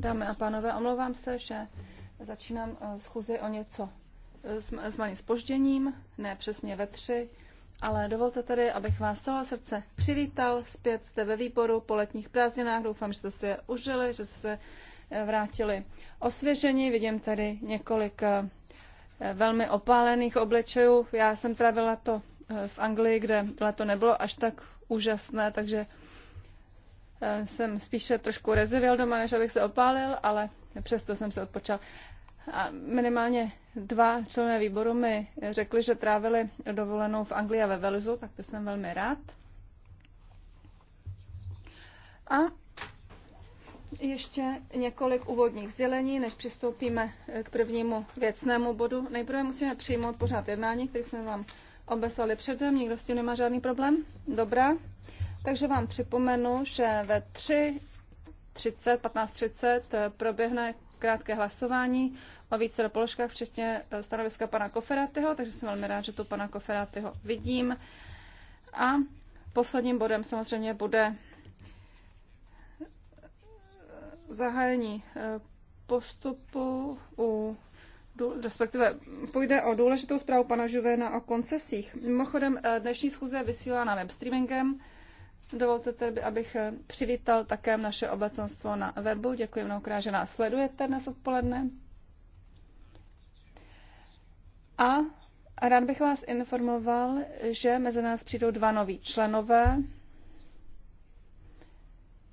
Dámy a pánové, omlouvám se, že začínám uh, schůzi o něco uh, s, s malým spožděním, ne přesně ve tři, ale dovolte tedy, abych vás celé srdce přivítal zpět jste ve výboru po letních prázdninách. Doufám, že jste si je užili, že jste se uh, vrátili osvěžení. Vidím tady několik velmi opálených obličejů. Já jsem pravila to Eh, v Anglii, kde leto nebylo až tak úžasné, takže eh, jsem spíše trošku rezivil doma, než abych se opálil, ale přesto jsem se odpočal. A minimálně dva členové výboru mi řekli, že trávili dovolenou v Anglii a ve Velzu, tak to jsem velmi rád. A ještě několik úvodních sdělení, než přistoupíme k prvnímu věcnému bodu. Nejprve musíme přijmout pořád jednání, který jsme vám obeslali předem, nikdo s tím nemá žádný problém? Dobrá. Takže vám připomenu, že ve 3.30, 15.30 eh, proběhne krátké hlasování o více položkách, včetně eh, stanoviska pana Koferatyho, takže jsem velmi rád, že tu pana Koferatyho vidím. A posledním bodem samozřejmě bude eh, zahájení postupu u respektive půjde o důležitou zprávu pana Žuvena o koncesích. Mimochodem, eh, dnešní schůze je vysílána webstreamingem. Dovolte tedy, abych eh, přivítal také naše obecenstvo na webu. Děkuji mnohokrát, že nás sledujete dnes odpoledne. A rád bych vás informoval, že mezi nás přijdou dva noví členové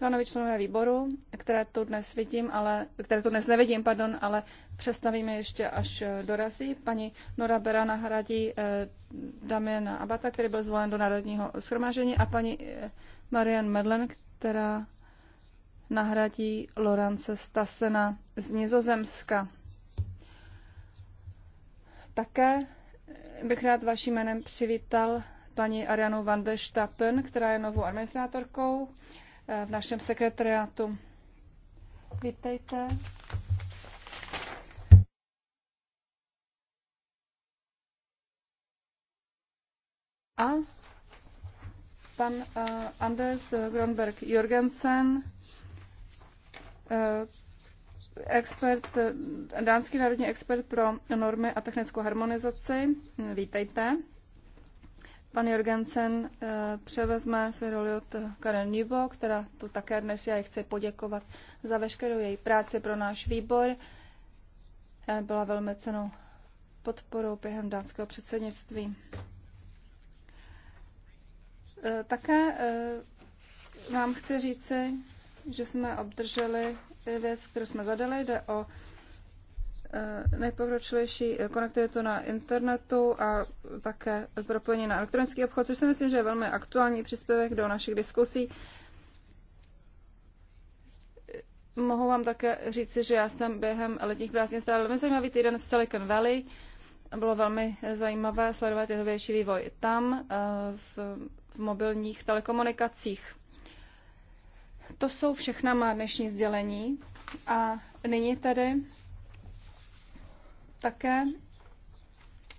Pánovi členové výboru, které tu dnes vidím, ale, které tu dnes nevidím, pardon, ale představíme ještě, až eh, dorazí. Paní Nora Bera nahradí eh, Damiana Abata, který byl zvolen do Národního schromážení a paní eh, Marian Medlen, která nahradí Lorance Stasena z Nizozemska. Také eh, bych rád vaším jménem přivítal paní Arianu van der Stappen, která je novou administrátorkou Eh, v našem sekretariátu. Vítejte. A pan uh, Anders Gronberg Jorgensen, uh, expert, dánský národní expert pro normy a technickou harmonizaci. Vítejte. Pan Jorgensen eh, převezme své roli od eh, Karen Nivo, která tu také dnes já chci poděkovat za veškerou její práci pro náš výbor. Eh, byla velmi cenou podporou během dánského předsednictví. Také vám chci říci, že jsme obdrželi věc, kterou jsme zadali, jde o Eh, nejpokročilejší eh, konektivitu na internetu a také propojení na elektronický obchod, což si myslím, že je velmi aktuální příspěvek do našich diskusí. Mohu vám také říci, že já jsem během letních prázdnin strávil velmi zajímavý týden v Silicon Valley. Bylo velmi eh, zajímavé sledovat větší vývoj tam, v, v mobilních telekomunikacích. To jsou všechna má dnešní sdělení a nyní tedy také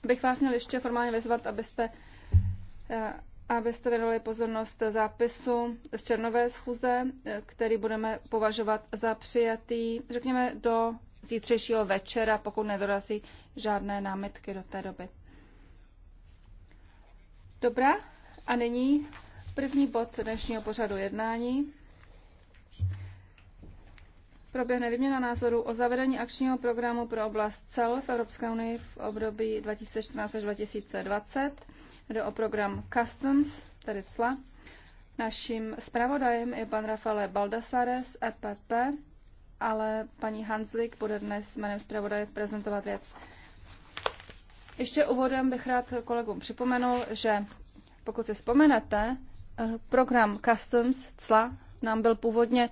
bych vás měl ještě formálně vyzvat, abyste, eh, abyste věnovali pozornost zápisu z černové schůze, eh, který budeme považovat za přijatý, řekněme, do zítřejšího večera, pokud nedorazí žádné námitky do té doby. Dobrá, a nyní první bod dnešního pořadu jednání proběhne výměna názorů o zavedení akčního programu pro oblast cel v Evropské unii v období 2014 až 2020. Jde o program Customs, tedy cla. Naším zpravodajem je pan Rafale Baldassare z EPP, ale paní Hanslik bude dnes jménem zpravodaje prezentovat věc. Ještě úvodem bych rád kolegům připomenul, že pokud si vzpomenete, eh, program Customs, cla, nám byl původně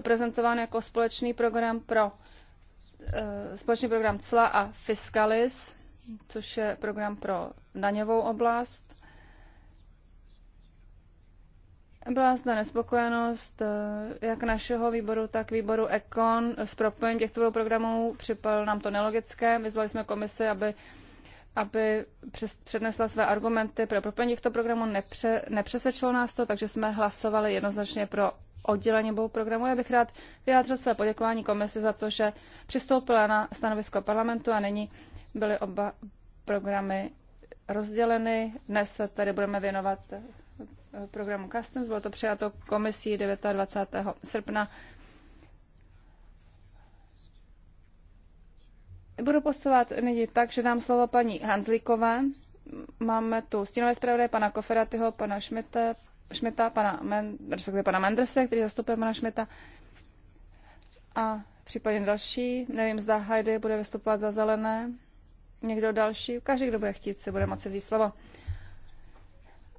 prezentován jako společný program pro eh, společný program CLA a Fiscalis, což je program pro daňovou oblast. Byla zde nespokojenost eh, jak našeho výboru, tak výboru ECON s propojením těchto programů. Připadlo nám to nelogické. Vyzvali jsme komisi, aby, aby přednesla své argumenty pro propojení těchto programů. Nepře, nepřesvědčilo nás to, takže jsme hlasovali jednoznačně pro oddělení obou programů. Já bych rád vyjádřil své poděkování komisi za to, že přistoupila na stanovisko parlamentu a nyní byly oba programy rozděleny. Dnes se tady budeme věnovat eh, programu Customs. Bylo to přijato komisí 29. srpna. Budu posílat nyní tak, že dám slovo paní Hanzlíkové. Máme tu stínové zpravodaje pana Koferatyho, pana Šmite, Šmita, pana Men, respektive pana Mendrese, který zastupuje pana Šmita. A případně další, nevím, zda Heidi bude vystupovat za zelené, někdo další, každý, kdo bude chtít, si bude moci vzít slovo.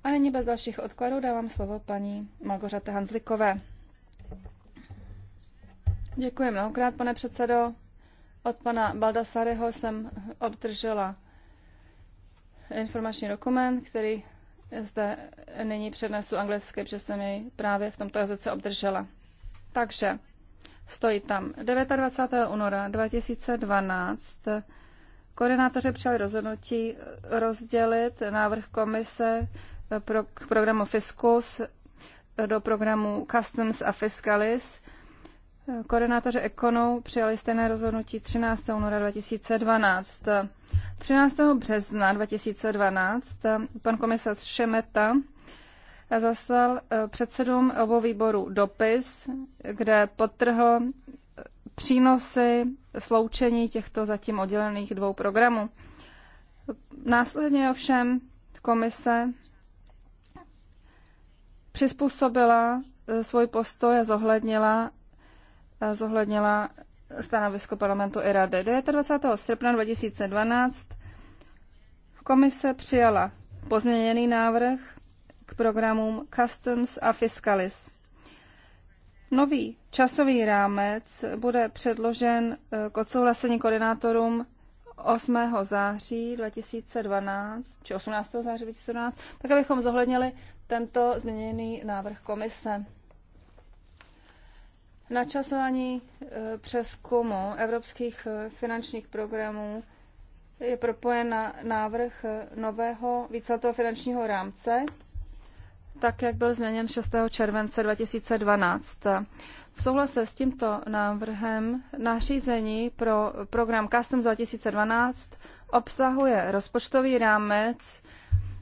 A nyní bez dalších odkladů dávám slovo paní Malgořate Hanzlikové. Děkuji mnohokrát, pane předsedo. Od pana Baldasareho jsem obdržela informační dokument, který zde nyní přednesu anglicky, protože jsem ji právě v tomto jazyce obdržela. Takže stojí tam 29. února 2012 Koordinátoři přijali rozhodnutí rozdělit návrh komise pro, k programu Fiscus do programu Customs a Fiscalis. Koordinátoři Econu přijali stejné rozhodnutí 13. února 2012. 13. března 2012 eh, pan komisař Šemeta eh, zaslal eh, předsedům obou výborů dopis, kde potrhl přínosy sloučení těchto zatím oddělených dvou programů. Následně ovšem komise přizpůsobila svůj postoj a zohlednila, zohlednila stanovisko parlamentu i rady. 29. srpna 2012 komise přijala pozměněný návrh k programům Customs a Fiscalis. Nový časový rámec bude předložen eh, k odsouhlasení koordinátorům 8. září 2012, či 18. září 2012, tak abychom zohlednili tento změněný návrh komise. Načasování e, přeskumu evropských e, finančních programů je propojen na návrh e, nového víceletého finančního rámce, tak jak byl změněn 6. července 2012. V souhlase s tímto návrhem nařízení pro program Custom 2012 obsahuje rozpočtový rámec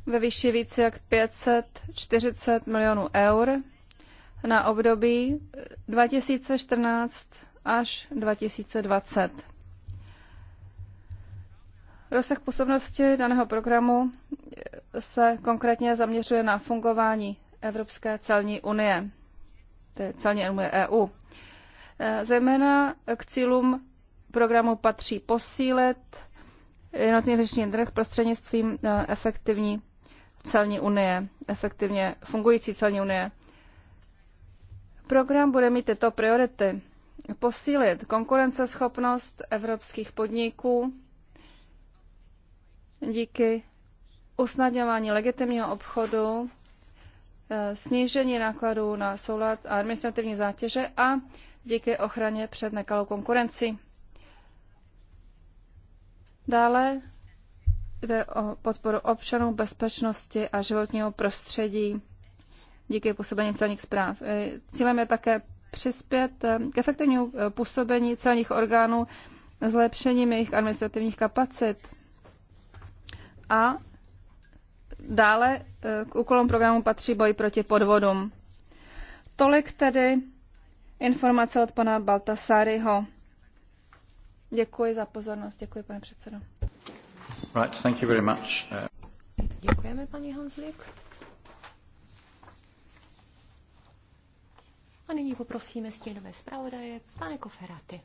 ve výši více jak 540 milionů eur na období 2014 až 2020. Rozsah působnosti daného programu se konkrétně zaměřuje na fungování Evropské celní unie, tedy celní unie EU. Zejména k cílům programu patří posílit jednotný vnitřní trh prostřednictvím eh, efektivní celní unie, efektivně fungující celní unie. Program bude mít tyto priority. Posílit konkurenceschopnost evropských podniků díky usnadňování legitimního obchodu, eh, snížení nákladů na soulad a administrativní zátěže a díky ochraně před nekalou konkurencí. Dále jde o podporu občanů, bezpečnosti a životního prostředí díky působení celních zpráv. E, cílem je také přispět e, k efektivnímu e, působení celních orgánů zlepšením jejich administrativních kapacit a dále k úkolům programu patří boj proti podvodům. Tolik tedy informace od pana Baltasáryho. Děkuji za pozornost. Děkuji, pane předsedo. Right, thank you very much. Děkujeme, paní Hanslík. A nyní poprosíme stínové zpravodaje, pane Koferaty.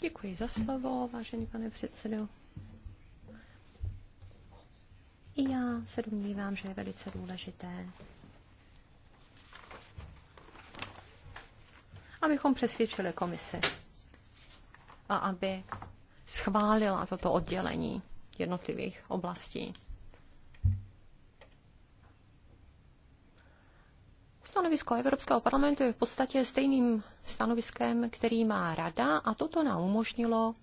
Děkuji za slovo, vážený pane předsedo. I já se domnívám, že je velice důležité, abychom přesvědčili komisi a aby schválila toto oddělení jednotlivých oblastí. Stanovisko Evropského parlamentu je v podstatě stejným stanoviskem, který má Rada a toto nám umožnilo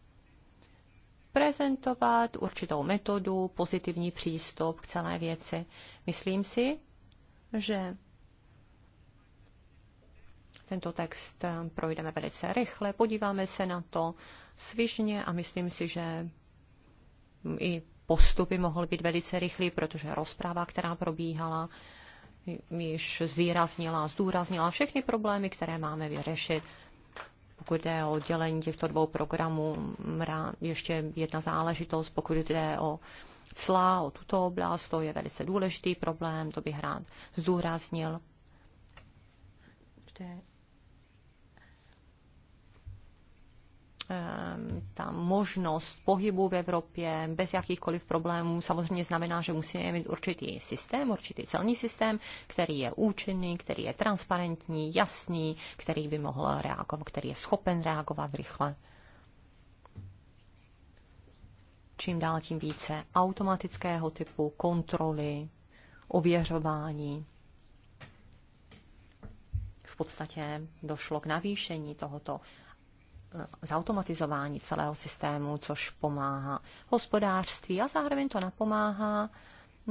prezentovat určitou metodu, pozitivní přístup k celé věci. Myslím si, že tento text projdeme velice rychle, podíváme se na to svižně a myslím si, že i postupy mohly být velice rychlé, protože rozpráva, která probíhala, již zvýraznila, zdůraznila všechny problémy, které máme vyřešit. Pokud jde o oddělení těchto dvou programů, ještě jedna záležitost, pokud jde o cla, o tuto oblast, to je velice důležitý problém, to bych rád zdůraznil. Kde Ehm, ta možnost pohybu v Evropě bez jakýchkoliv problémů samozřejmě znamená, že musíme mít určitý systém, určitý celní systém, který je účinný, který je transparentní, jasný, který by mohl reagovat, který je schopen reagovat rychle. Čím dál tím více automatického typu kontroly, ověřování, podstatě došlo k navýšení tohoto Eh, zautomatizování celého systému, což pomáhá hospodářství a zároveň to napomáhá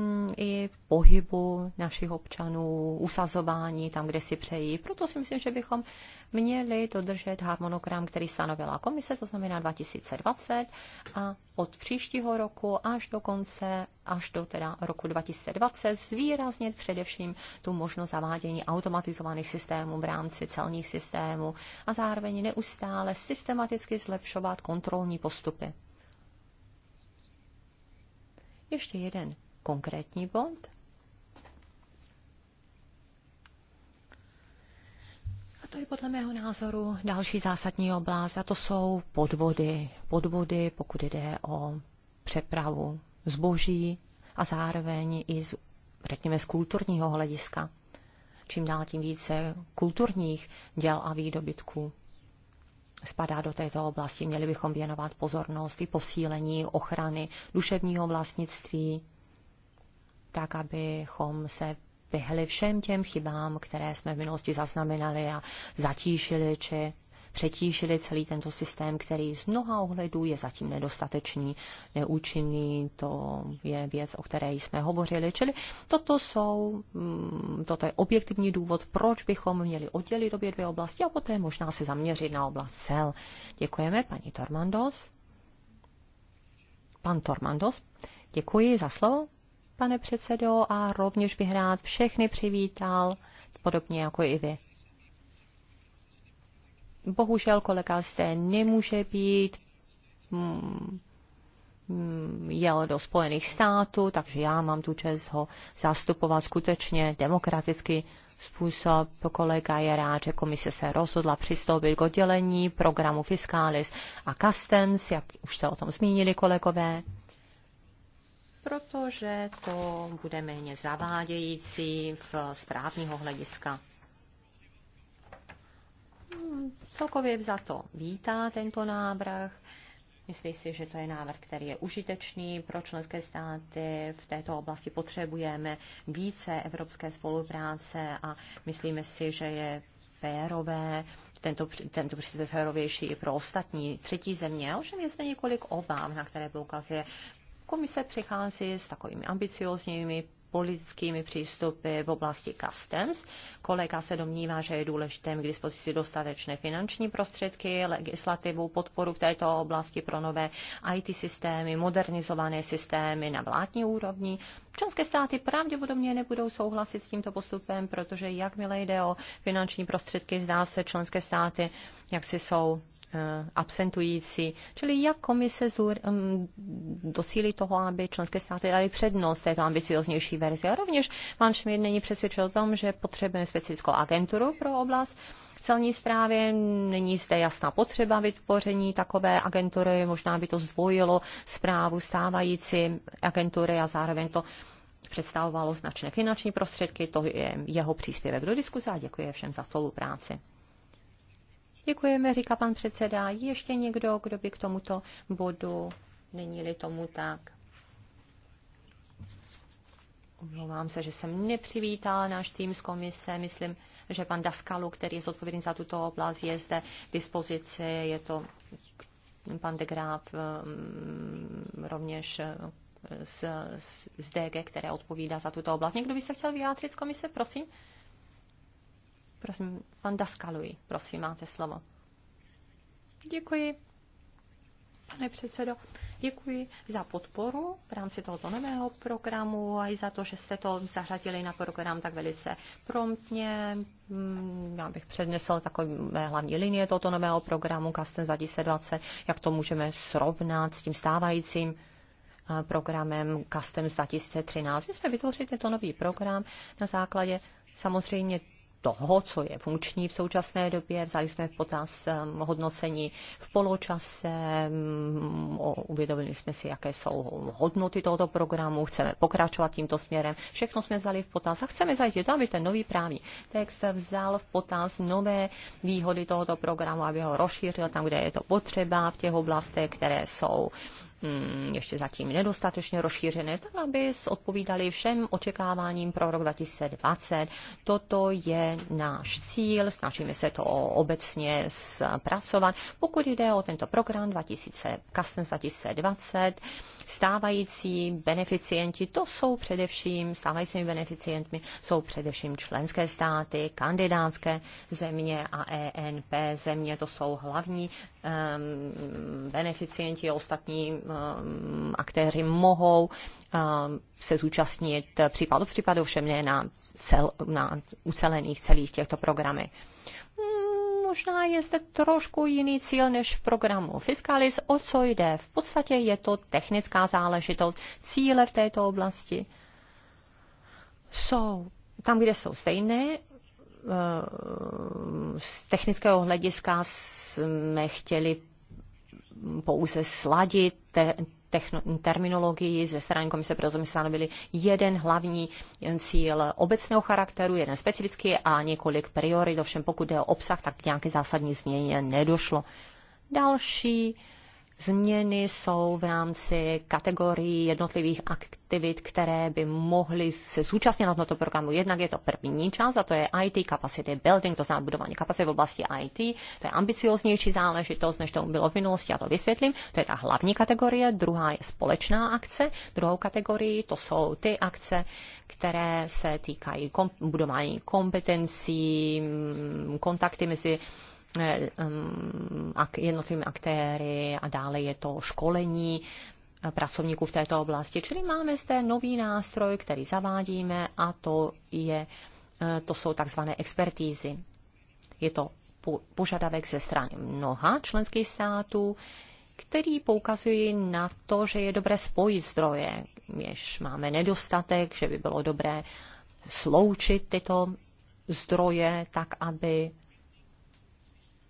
Mm, i pohybu našich občanů, usazování tam, kde si přejí. Proto si myslím, že bychom měli dodržet harmonogram, který stanovila komise, to znamená 2020 a od příštího roku až do konce, až do teda roku 2020 zvýraznit především tu možnost zavádění automatizovaných systémů v rámci celních systémů a zároveň neustále systematicky zlepšovat kontrolní postupy. Ještě jeden konkrétní bod. A to je podle mého názoru další zásadní oblast a to jsou podvody. Podvody, pokud jde o přepravu zboží a zároveň i z, řekněme z kulturního hlediska. Čím dál tím více kulturních děl a výdobytků spadá do této oblasti. Měli bychom věnovat pozornost i posílení ochrany duševního vlastnictví, tak abychom se vyhli všem těm chybám, které jsme v minulosti zaznamenali a zatíšili, či přetíšili celý tento systém, který z mnoha ohledů je zatím nedostatečný, neúčinný, to je věc, o které jsme hovořili. Čili toto, jsou, mm, toto je objektivní důvod, proč bychom měli oddělit obě dvě oblasti a poté možná se zaměřit na oblast cel. Děkujeme, paní Tormandos. Pan Tormandos, děkuji za slovo pane předsedo, a rovněž bych rád všechny přivítal, podobně jako i vy. Bohužel kolega zde nemůže být, mm, mm, jel do Spojených států, takže já mám tu čest ho zastupovat skutečně demokratický způsob. Kolega je rád, že komise se rozhodla přistoupit k oddělení programu Fiscalis a Customs, jak už se o tom zmínili kolegové protože to bude méně zavádějící v správního hlediska. Hmm, celkově za to vítá tento návrh. Myslí si, že to je návrh, který je užitečný pro členské státy. V této oblasti potřebujeme více evropské spolupráce a myslíme si, že je férové, tento, tento přístup férovější i pro ostatní třetí země. Ovšem je zde několik obav, na které poukazuje Komise přichází s takovými ambiciozními politickými přístupy v oblasti customs. Kolega se domnívá, že je důležité k dispozici dostatečné finanční prostředky, legislativu, podporu v této oblasti pro nové IT systémy, modernizované systémy na vládní úrovni. Členské státy pravděpodobně nebudou souhlasit s tímto postupem, protože jakmile jde o finanční prostředky, zdá se členské státy jak si jsou eh, absentující. Čili jak komise mm, dosílí toho, aby členské státy dali přednost této ambicioznější verzi. A rovněž pan Šmír není přesvědčil o tom, že potřebujeme specifickou agenturu pro oblast celní zprávě. Není zde jasná potřeba vytvoření takové agentury, možná by to zdvojilo zprávu stávající agentury a zároveň to představovalo značné finanční prostředky. To je jeho příspěvek do diskuze a děkuji všem za spolupráci. Děkujeme, říká pan předseda. Ještě někdo, kdo by k tomuto bodu není-li tomu tak? Omlouvám se, že jsem nepřivítala náš tým z komise. Myslím, že pan Daskalu, který je zodpovědný za tuto oblast, je zde k dispozici. Je to pan de Graaf mm, rovněž eh, z, z DG, které odpovídá za tuto oblast. Někdo by se chtěl vyjádřit z komise, prosím? Prosím, pan Daskaluj, prosím, máte slovo. Děkuji, pane předsedo. Děkuji za podporu v rámci tohoto nového programu a i za to, že jste to zařadili na program tak velice promptně. Mm, já bych přednesl takové hlavní linie tohoto nového programu Kasten 2020, jak to můžeme srovnat s tím stávajícím eh, programem z 2013. My jsme vytvořili tento nový program na základě samozřejmě toho, co je funkční v současné době. Vzali jsme v potaz um, hodnocení v poločase, um, uvědomili jsme si, jaké jsou hodnoty tohoto programu, chceme pokračovat tímto směrem. Všechno jsme vzali v potaz a chceme zajistit aby ten nový právní text vzal v potaz nové výhody tohoto programu, aby ho rozšířil tam, kde je to potřeba, v těch oblastech, které jsou Hmm, ještě zatím nedostatečně rozšířené, tak aby odpovídali všem očekáváním pro rok 2020. Toto je náš cíl, snažíme se to obecně zpracovat. Pokud jde o tento program 2000, Customs 2020, stávající beneficienti, to jsou především, stávajícími beneficientmi jsou především členské státy, kandidátské země a ENP země, to jsou hlavní um, beneficienti ostatní Um, aktéři mohou um, se zúčastnit případu v případu, všem ne na, cel, na ucelených celých těchto programy. Hmm, možná je zde trošku jiný cíl než v programu Fiscalis. O co jde? V podstatě je to technická záležitost. Cíle v této oblasti jsou tam, kde jsou stejné. Eh, z technického hlediska jsme chtěli pouze sladit te, techno, terminologii ze strany komise, proto jsme stanovili jeden hlavní cíl obecného charakteru, jeden specifický a několik priorit. Ovšem pokud jde o obsah, tak nějaké zásadní změně nedošlo. Další Změny jsou v rámci kategorií jednotlivých aktivit, které by mohly se zúčastnit na tomto programu. Jednak je to první část, a to je IT capacity building, to znamená budování kapacity v oblasti IT. To je ambicioznější záležitost, než tomu bylo v minulosti, já to vysvětlím. To je ta hlavní kategorie, druhá je společná akce, druhou kategorii to jsou ty akce, které se týkají kom- budování kompetencí, mm, kontakty mezi Eh, jednotlivými aktéry a dále je to školení eh, pracovníků v této oblasti. Čili máme zde nový nástroj, který zavádíme a to, je, eh, to jsou takzvané expertízy. Je to požadavek ze strany mnoha členských států, který poukazují na to, že je dobré spojit zdroje, jež máme nedostatek, že by bylo dobré sloučit tyto zdroje tak, aby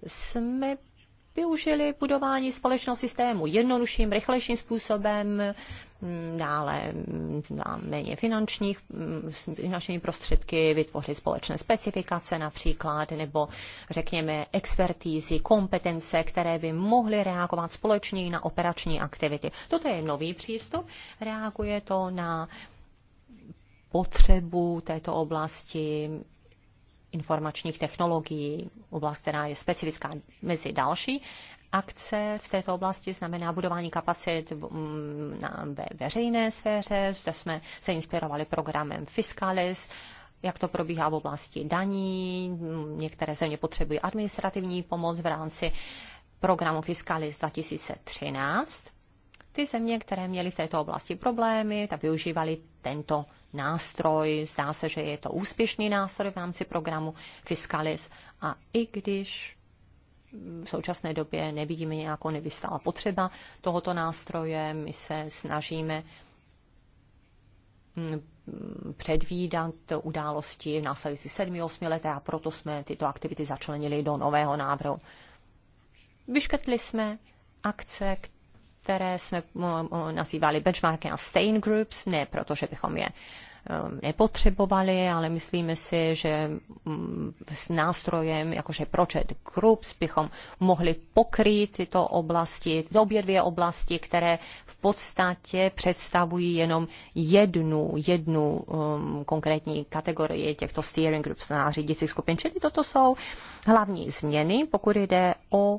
jsme využili budování společného systému jednodušším, rychlejším způsobem, mm, dále na mm, méně finančních, mm, finančními prostředky, vytvořit společné specifikace například, nebo řekněme expertízy, kompetence, které by mohly reagovat společně na operační aktivity. Toto je nový přístup, reaguje to na potřebu této oblasti informačních technologií, oblast, která je specifická mezi další. Akce v této oblasti znamená budování kapacit mm, ve veřejné sféře, zde jsme se inspirovali programem Fiscalis, jak to probíhá v oblasti daní, některé země potřebují administrativní pomoc v rámci programu Fiscalis 2013 ty země, které měly v této oblasti problémy, tak využívali tento nástroj. Zdá se, že je to úspěšný nástroj v rámci programu Fiscalis. A i když v současné době nevidíme nějakou nevystala potřeba tohoto nástroje, my se snažíme mm, předvídat události v následující 7-8 leté a proto jsme tyto aktivity začlenili do nového návrhu. Vyškrtli jsme akce, které které jsme mm, mm, nazývali benchmarky a stain groups, ne proto, že bychom je mm, nepotřebovali, ale myslíme si, že s nástrojem, jakože Project Groups, bychom mohli pokrýt tyto oblasti, obě dvě oblasti, které v podstatě představují jenom jednu, jednu um, konkrétní kategorii těchto steering groups na řídicích skupin. Čili toto jsou hlavní změny, pokud jde o uh,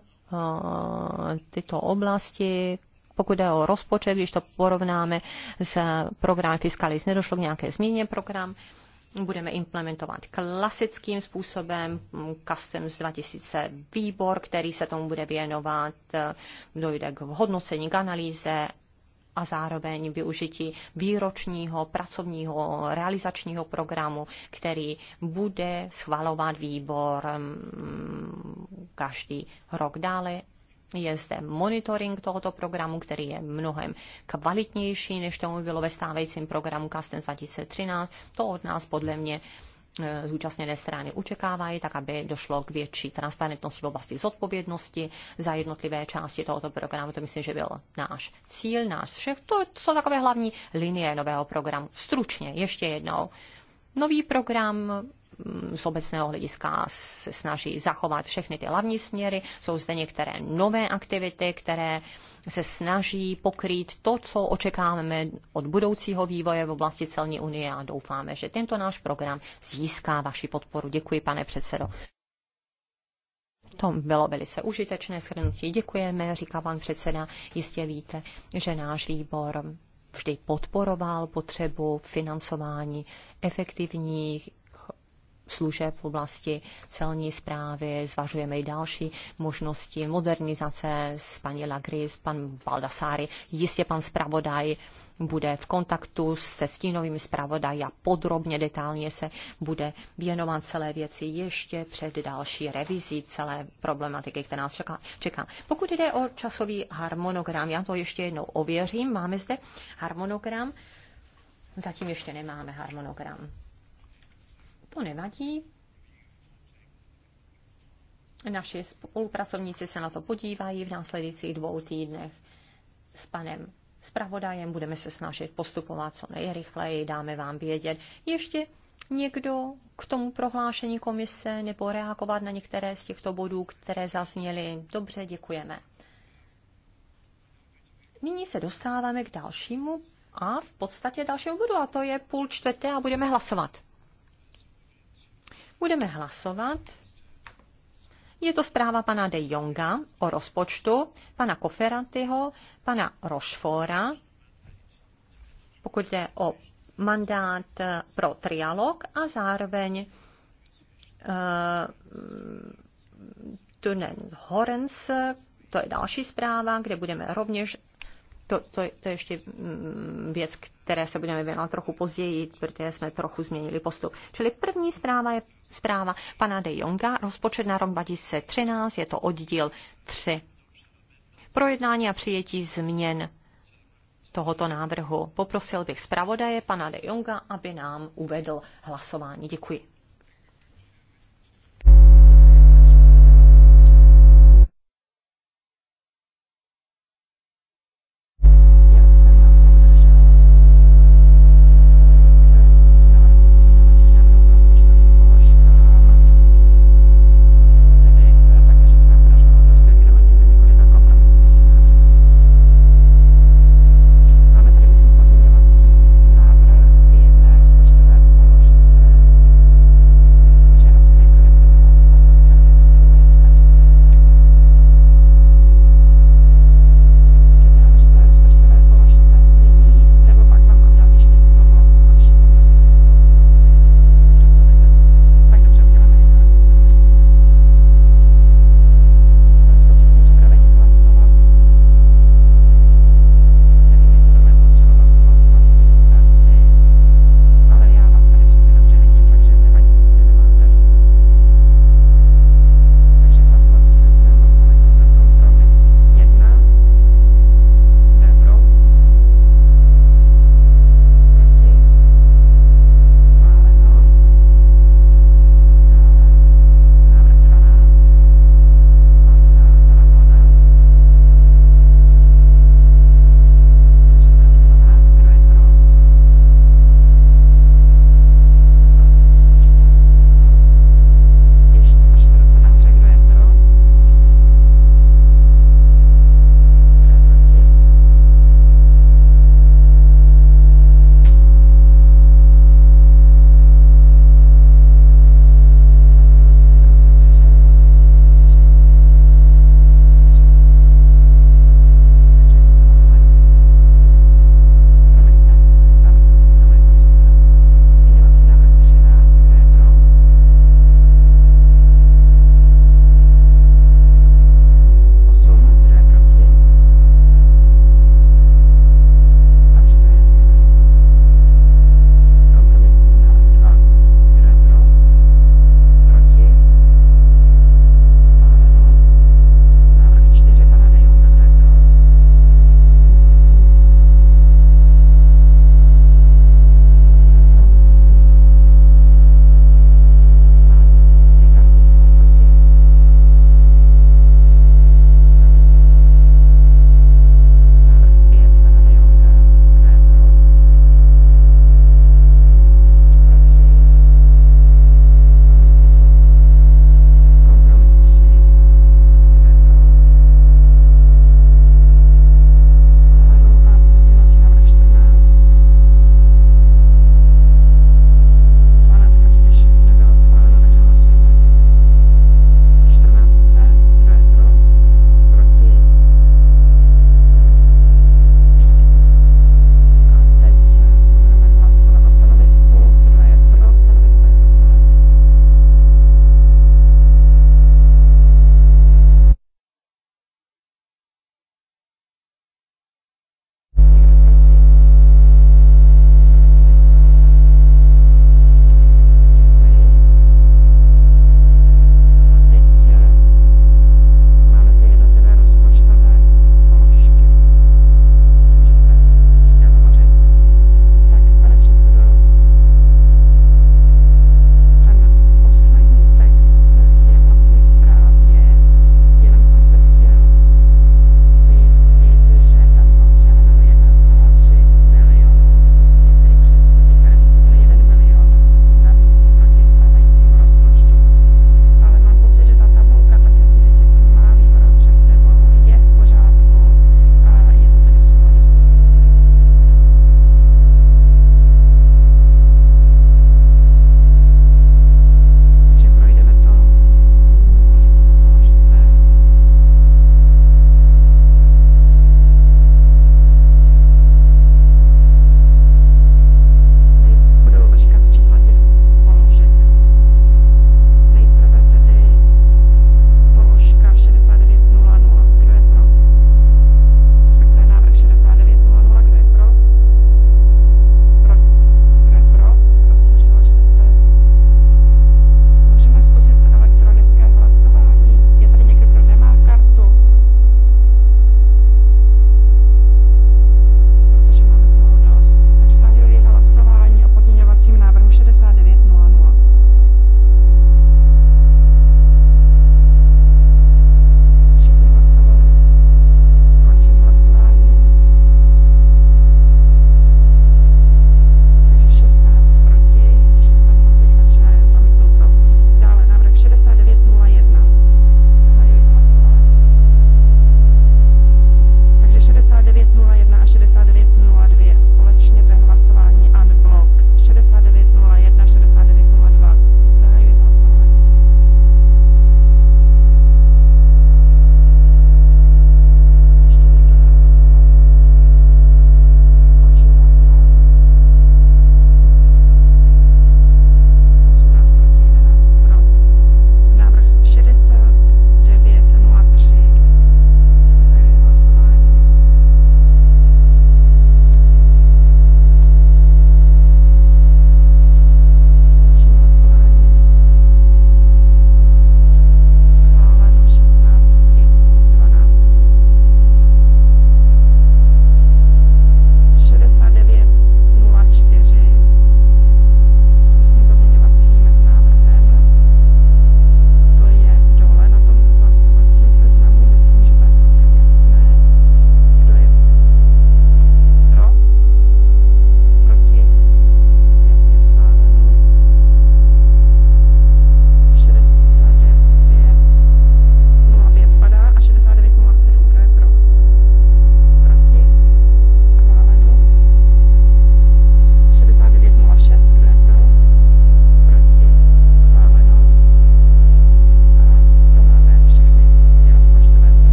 tyto oblasti, pokud jde o rozpočet, když to porovnáme s programem Fiscalis, nedošlo k nějaké změně program budeme implementovat klasickým způsobem custom z 2000 výbor, který se tomu bude věnovat, dojde k hodnocení, k analýze a zároveň využití výročního pracovního realizačního programu, který bude schvalovat výbor mm, každý rok dále. Je zde monitoring tohoto programu, který je mnohem kvalitnější, než tomu bylo ve stávajícím programu kasten 2013. To od nás podle mě eh, zúčastněné strany očekávají, tak aby došlo k větší transparentnosti v oblasti zodpovědnosti za jednotlivé části tohoto programu. To myslím, že byl náš cíl, náš všech. To jsou takové hlavní linie nového programu. Stručně, ještě jednou. Nový program Mm, z obecného hlediska se snaží zachovat všechny ty hlavní směry. Jsou zde některé nové aktivity, které se snaží pokrýt to, co očekáváme od budoucího vývoje v oblasti celní unie a doufáme, že tento náš program získá vaši podporu. Děkuji, pane předsedo. To bylo velice užitečné shrnutí. Děkujeme, říká pan předseda. Jistě víte, že náš výbor vždy podporoval potřebu financování efektivních služeb v oblasti celní zprávy, zvažujeme i další možnosti modernizace s paní Lagris, pan Baldassari, jistě pan zpravodaj bude v kontaktu se stínovými zpravodaji a podrobně detailně se bude věnovat celé věci ještě před další revizí celé problematiky, která nás čeká. čeká. Pokud jde o časový harmonogram, já to ještě jednou ověřím, máme zde harmonogram, zatím ještě nemáme harmonogram. To nevadí. Naši spolupracovníci se na to podívají v následujících dvou týdnech s panem zpravodajem. Budeme se snažit postupovat co nejrychleji, dáme vám vědět. Ještě někdo k tomu prohlášení komise nebo reagovat na některé z těchto bodů, které zazněly? Dobře, děkujeme. Nyní se dostáváme k dalšímu a v podstatě dalšímu bodu a to je půl čtvrté a budeme hlasovat. Budeme hlasovat. Je to zpráva pana De Jonga o rozpočtu, pana Koferatyho, pana Rošfora, pokud jde o mandát eh, pro trialog a zároveň uh, Tunen Horens, to je další zpráva, kde budeme rovněž to, to, to je ještě mm, věc, které se budeme věnovat trochu později, protože jsme trochu změnili postup. Čili první zpráva je zpráva pana de Jonga, rozpočet na rok 2013, je to oddíl 3. Projednání a přijetí změn tohoto návrhu. Poprosil bych zpravodaje pana de Jonga, aby nám uvedl hlasování. Děkuji.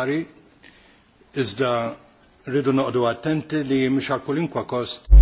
Kalahari iżda rridu noqdu attenti li mhux għal kolinkwa kost.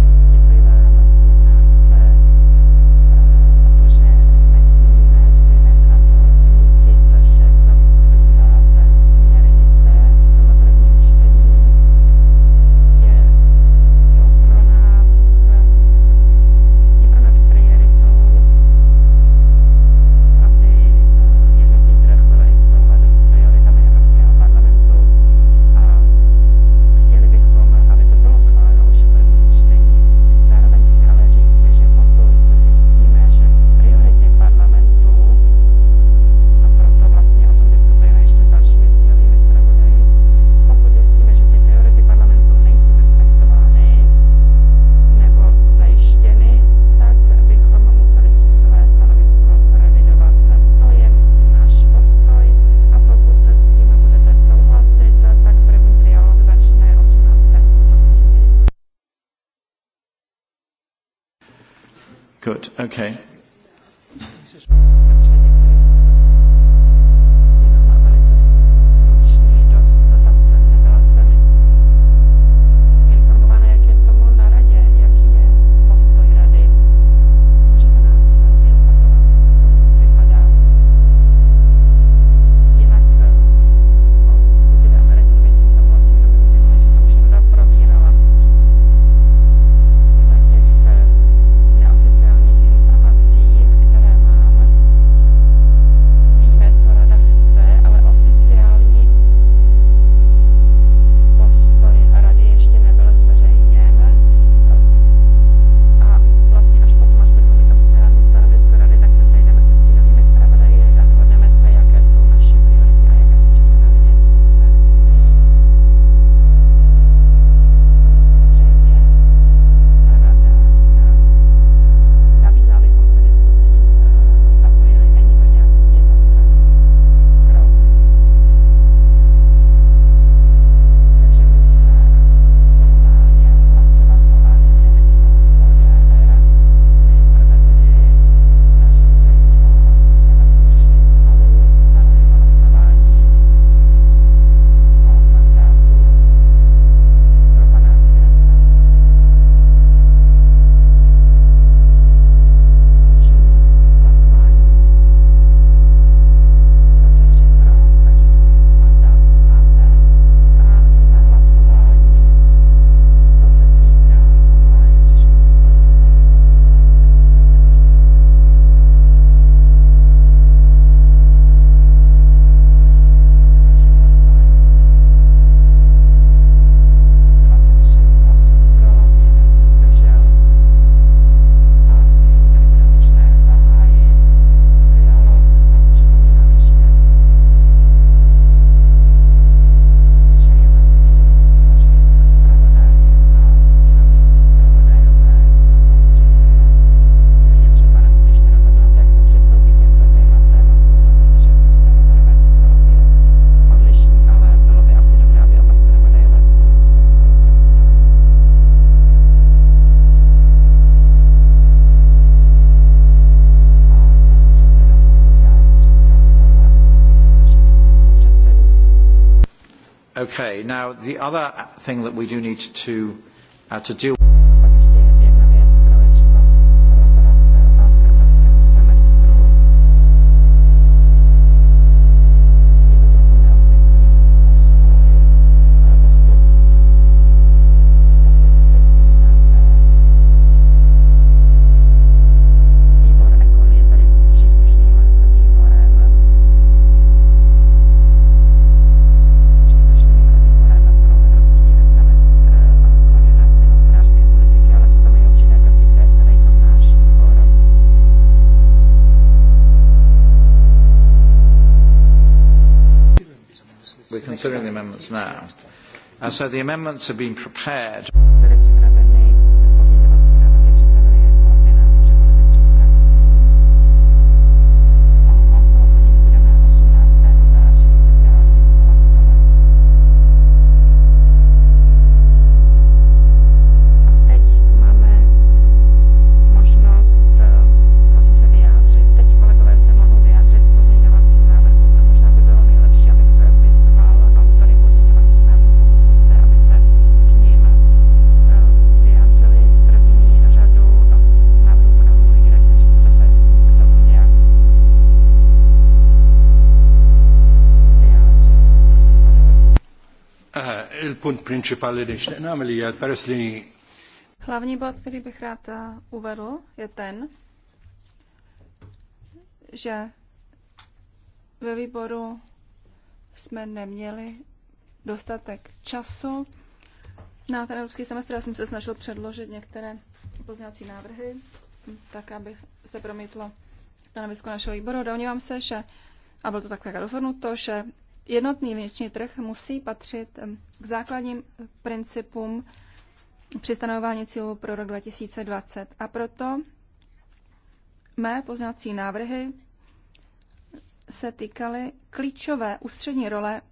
Good. Okay. Now, the other thing that we do need to, uh, to deal with... considering the amendments now. And so the amendments have been prepared. Hlavní bod, který bych rád eh, uvedl, je ten, že ve výboru jsme neměli dostatek času na ten evropský semestr. Já jsem se snažil předložit některé pozněvací návrhy, tak aby se promítlo stanovisko našeho výboru. Domnívám se, že, a bylo to tak jako rozhodnuto, že Jednotný vnitřní trh musí patřit k základním principům při stanovování cílů pro rok 2020. A proto mé poznací návrhy se týkaly klíčové ústřední role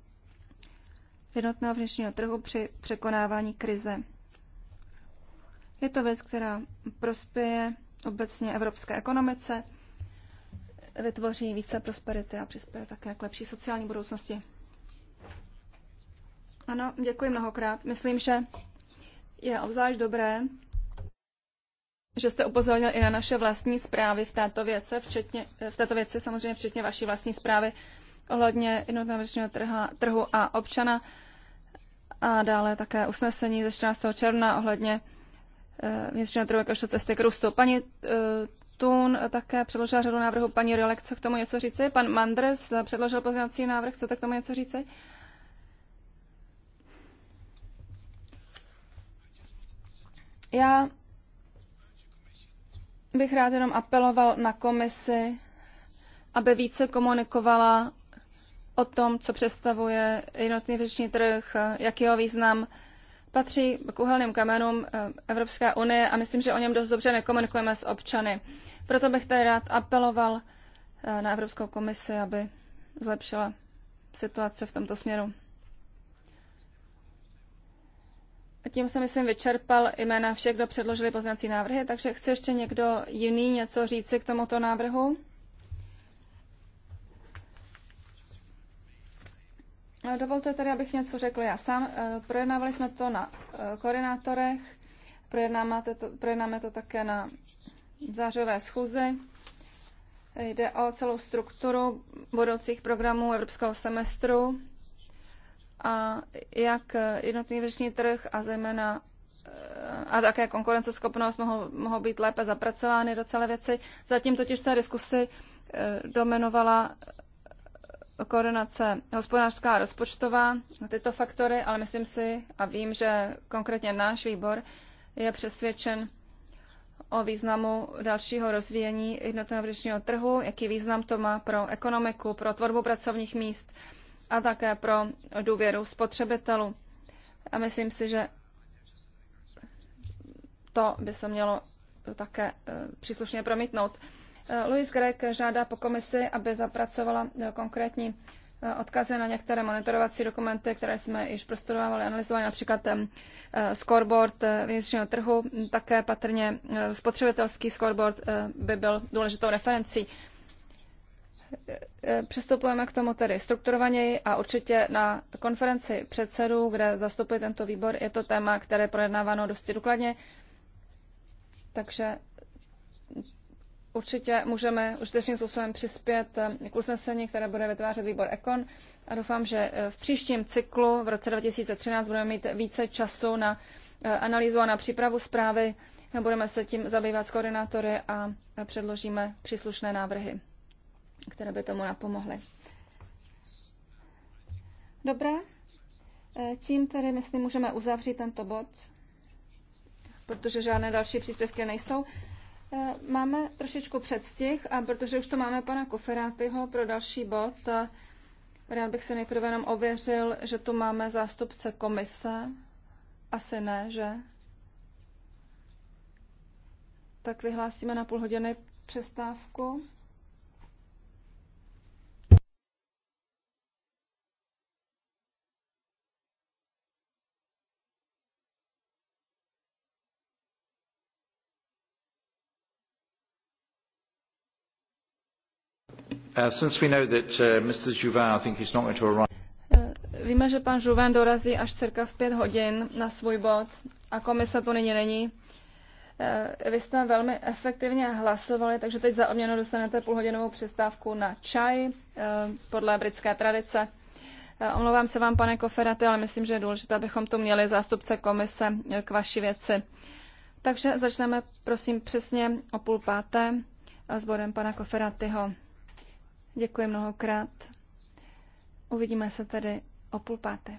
jednotného vnitřního trhu při překonávání krize. Je to věc, která prospěje obecně evropské ekonomice, vytvoří více prosperity a přispěje také k lepší sociální budoucnosti. Ano, děkuji mnohokrát. Myslím, že je obzvlášť dobré, že jste upozornil i na naše vlastní zprávy v této věci, včetně, v této věci samozřejmě včetně vaší vlastní zprávy ohledně jednotného trhu a občana a dále také usnesení ze 14. června ohledně eh, vnitřního trhu jakožto cesty k růstu. Paní eh, Tun také předložila řadu návrhů. Paní Rolek, chce k tomu něco říci? Pan Mandres předložil pozměňovací návrh, chcete k tomu něco říci? Já bych rád jenom apeloval na komisi, aby více komunikovala o tom, co představuje jednotný vnitřní trh, jaký jeho význam patří k uhelným kamenům eh, Evropské unie a myslím, že o něm dost dobře nekomunikujeme s občany. Proto bych tady rád apeloval eh, na Evropskou komisi, aby zlepšila situace v tomto směru. Tím jsem, myslím, vyčerpal jména všech, kdo předložili poznací návrhy, takže chce ještě někdo jiný něco říci k tomuto návrhu? Dovolte tedy, abych něco řekl já sám. E, projednávali jsme to na e, koordinátorech, projednáme to, projednáme to také na zářové schůzi. Jde o celou strukturu budoucích programů evropského semestru a jak jednotný vnitřní trh a zejména e, a také konkurenceschopnost mohou, mohou být lépe zapracovány do celé věci. Zatím totiž se diskusy dominovala koordinace hospodářská a rozpočtová, tyto faktory, ale myslím si a vím, že konkrétně náš výbor je přesvědčen o významu dalšího rozvíjení jednotného vnitřního trhu, jaký význam to má pro ekonomiku, pro tvorbu pracovních míst a také pro důvěru spotřebitelů. A myslím si, že to by se mělo také eh, příslušně promítnout. Eh, Louis Gregg žádá po komisi, aby zapracovala eh, konkrétní eh, odkazy na některé monitorovací dokumenty, které jsme již prostudovali, analyzovali, například ten scoreboard vnitřního trhu, také patrně spotřebitelský scoreboard by byl důležitou referencí. Přistupujeme k tomu tedy strukturovaněji a určitě na konferenci předsedů, kde zastupuje tento výbor, je to téma, které je projednáváno dosti důkladně. Takže určitě můžeme užitečným způsobem přispět eh, k usnesení, které bude vytvářet výbor Ekon a doufám, že eh, v příštím cyklu v roce 2013 budeme mít více času na eh, analýzu a na přípravu zprávy. Budeme se tím zabývat s koordinátory a předložíme příslušné návrhy, které by tomu napomohly. Dobrá, tím tedy, myslím, můžeme uzavřít tento bod, protože žádné další příspěvky nejsou. Eh, máme trošičku předstih a protože už to máme pana Koferátyho pro další bod, eh, rád bych se nejprve jenom ověřil, že tu máme zástupce komise. Asi ne, že? Tak vyhlásíme na půl hodiny přestávku. Víme, že pan Žuven dorazí až cirka v pět hodin na svůj bod a komise tu nyní není. Uh, vy jste velmi efektivně hlasovali, takže teď za obměnu dostanete půlhodinovou přestávku na čaj uh, podle britské tradice. Uh, omlouvám se vám, pane Koferaty, ale myslím, že je důležité, abychom tu měli zástupce komise k vaší věci. Takže začneme, prosím, přesně o půl páté s bodem pana Koferatyho. Děkuji mnohokrát. Uvidíme se tady o půl páté.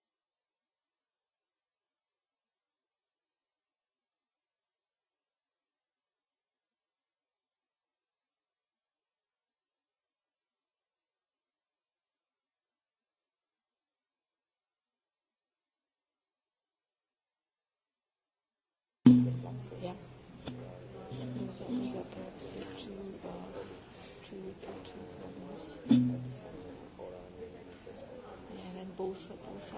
also, also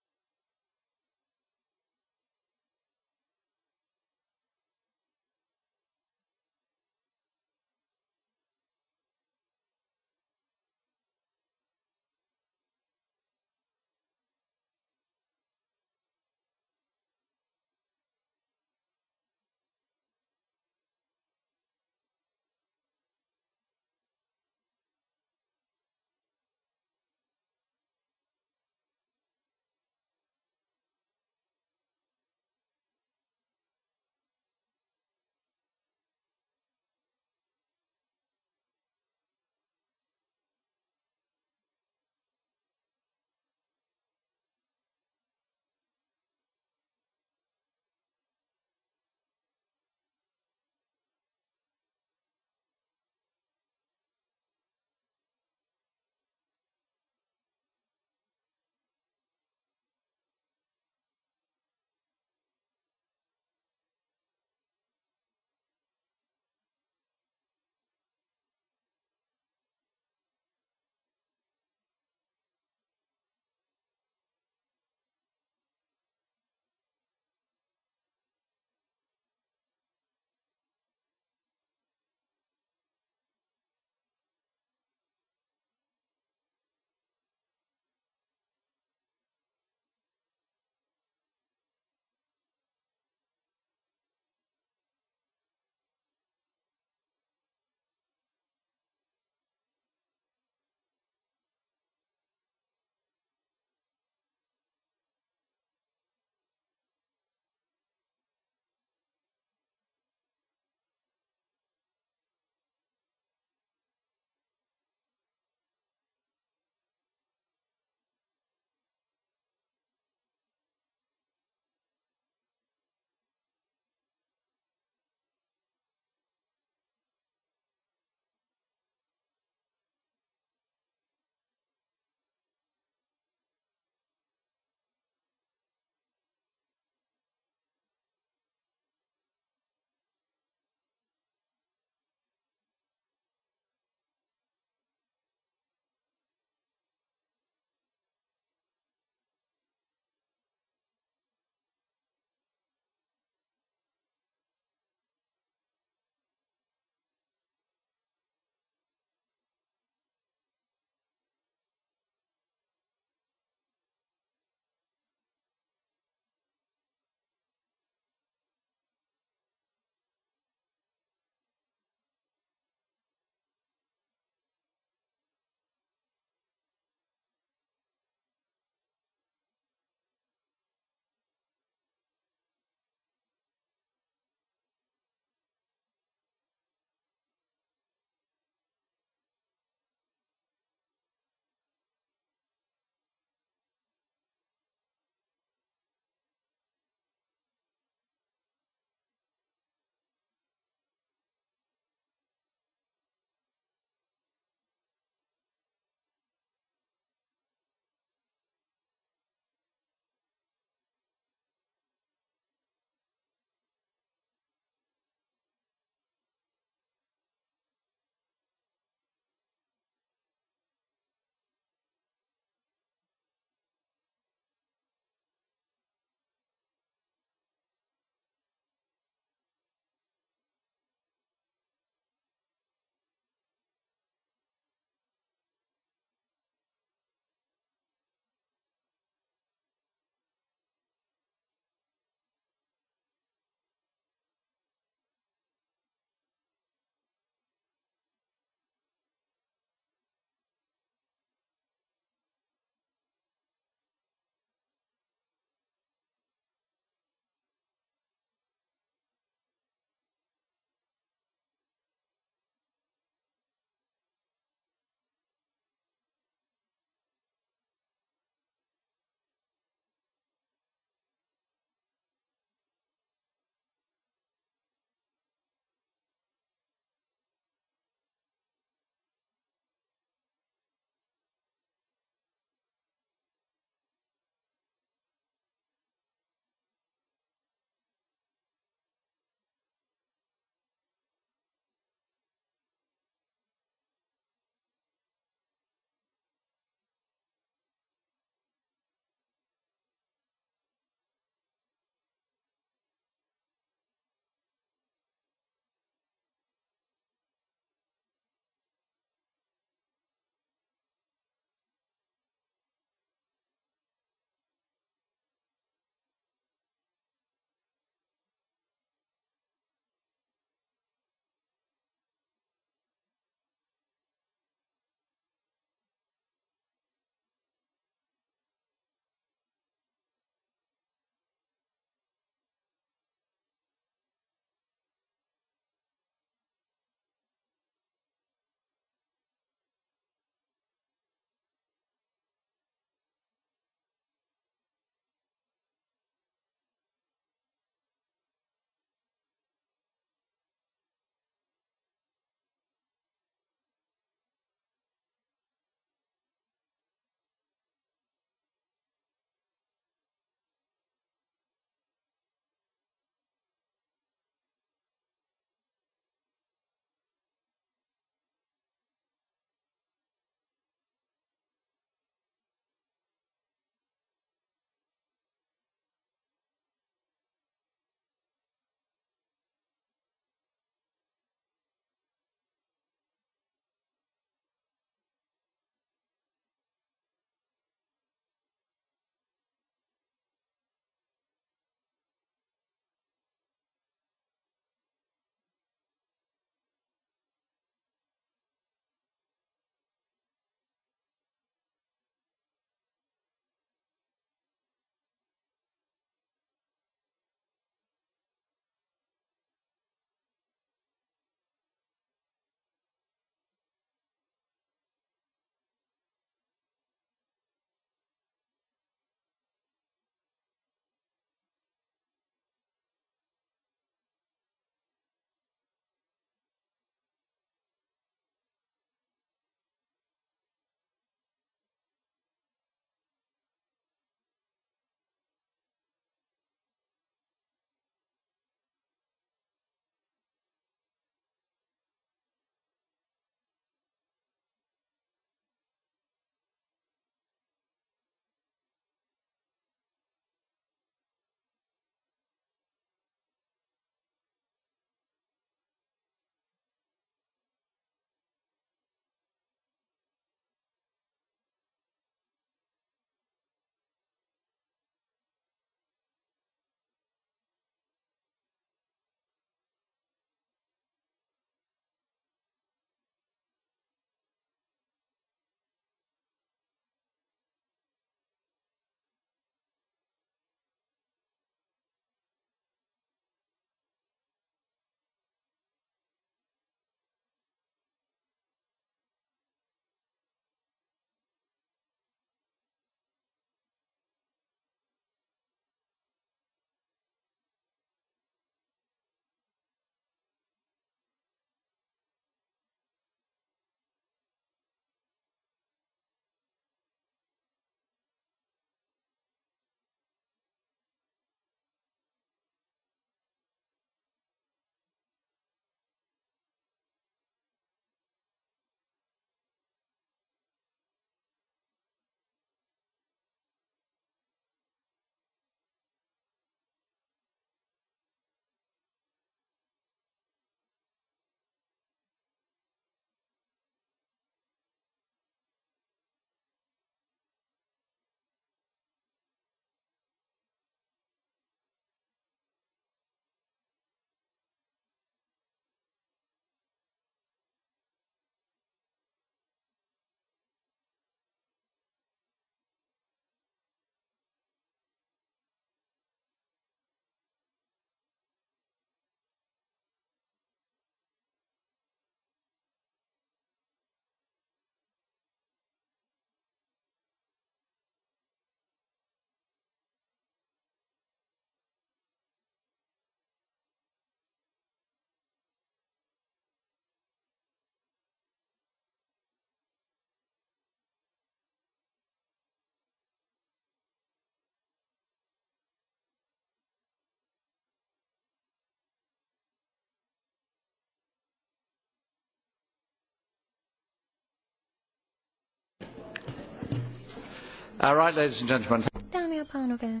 Dámy a pánové,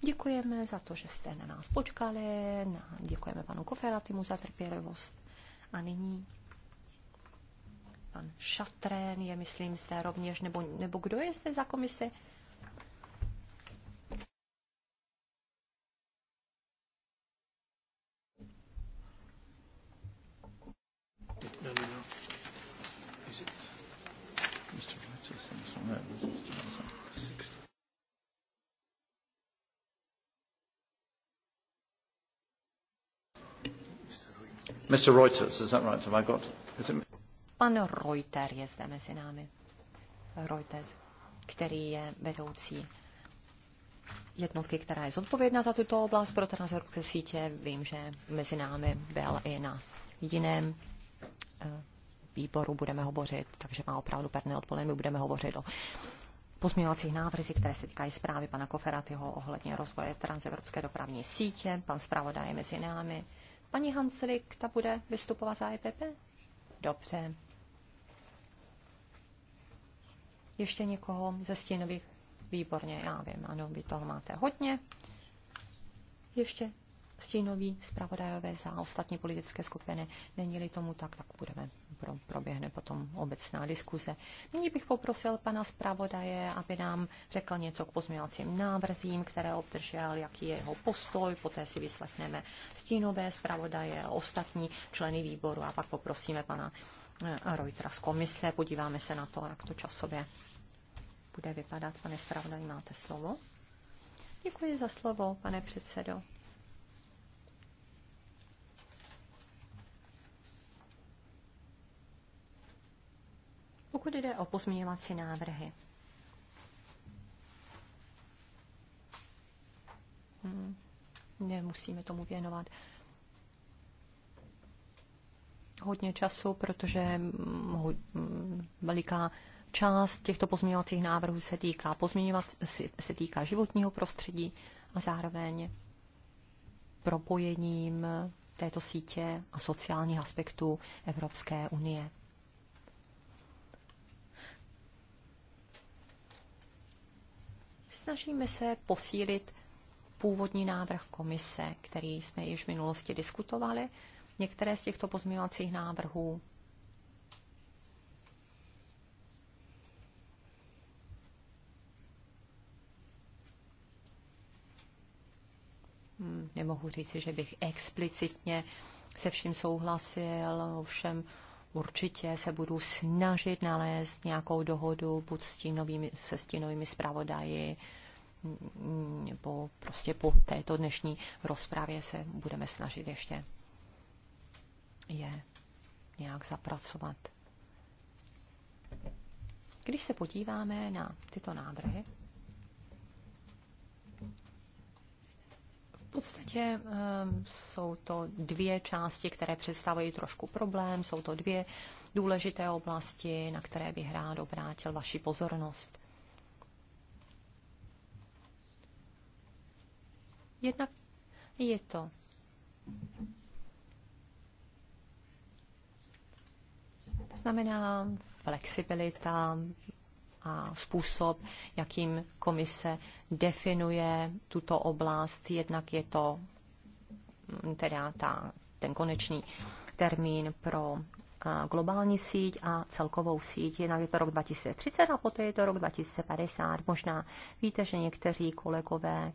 děkujeme za to, že jste na nás počkali, děkujeme panu Koferatimu za trpělivost. A nyní pan Šatrén je, myslím, zde rovněž, nebo, nebo kdo je zde za komisi? Mr. Reuters, is that right? Have I got... Is it... Pan Reuter je zde mezi námi. Reuters, který je vedoucí jednotky, která je zodpovědná za tuto oblast pro transevropské sítě. Vím, že mezi námi byl i na jiném eh, výboru budeme hovořit, takže má opravdu pevné odpoledne, budeme hovořit o pozměňovacích návrzích, které se týkají zprávy pana Koferatyho ohledně rozvoje transevropské dopravní sítě. Pan zpravodaj je mezi námi. Paní Hanslik, ta bude vystupovat za EPP? Dobře. Ještě někoho ze stínových? Výborně, já vím, ano, vy toho máte hodně. Ještě stínoví zpravodajové za ostatní politické skupiny. Není-li tomu tak, tak budeme, pro, proběhne potom obecná diskuze. Nyní bych poprosil pana zpravodaje, aby nám řekl něco k pozměňovacím návrzím, které obdržel, jaký je jeho postoj, poté si vyslechneme stínové zpravodaje, ostatní členy výboru a pak poprosíme pana eh, Reutera z komise, podíváme se na to, jak to časově bude vypadat. Pane zpravodaj, máte slovo. Děkuji za slovo, pane předsedo. Pokud jde o pozměňovací návrhy, hmm, nemusíme tomu věnovat hodně času, protože veliká část těchto pozměňovacích návrhů se týká, se týká životního prostředí a zároveň propojením této sítě a sociálních aspektů Evropské unie. Snažíme se posílit původní návrh komise, který jsme již v minulosti diskutovali. Některé z těchto pozměňovacích návrhů hmm, nemohu říci, že bych explicitně se vším souhlasil, ovšem určitě se budu snažit nalézt nějakou dohodu buď s tím novými se stínovými zpravodaji, nebo prostě po této dnešní rozprávě se budeme snažit ještě je nějak zapracovat. Když se podíváme na tyto návrhy, v podstatě eh, jsou to dvě části, které představují trošku problém. Jsou to dvě důležité oblasti, na které bych rád obrátil vaši pozornost. Jednak je to znamená flexibilita a způsob, jakým komise definuje tuto oblast. Jednak je to mm, teda ta, ten konečný termín pro globální síť a celkovou síť. Jinak je to rok 2030 a poté je to rok 2050. Možná víte, že někteří kolegové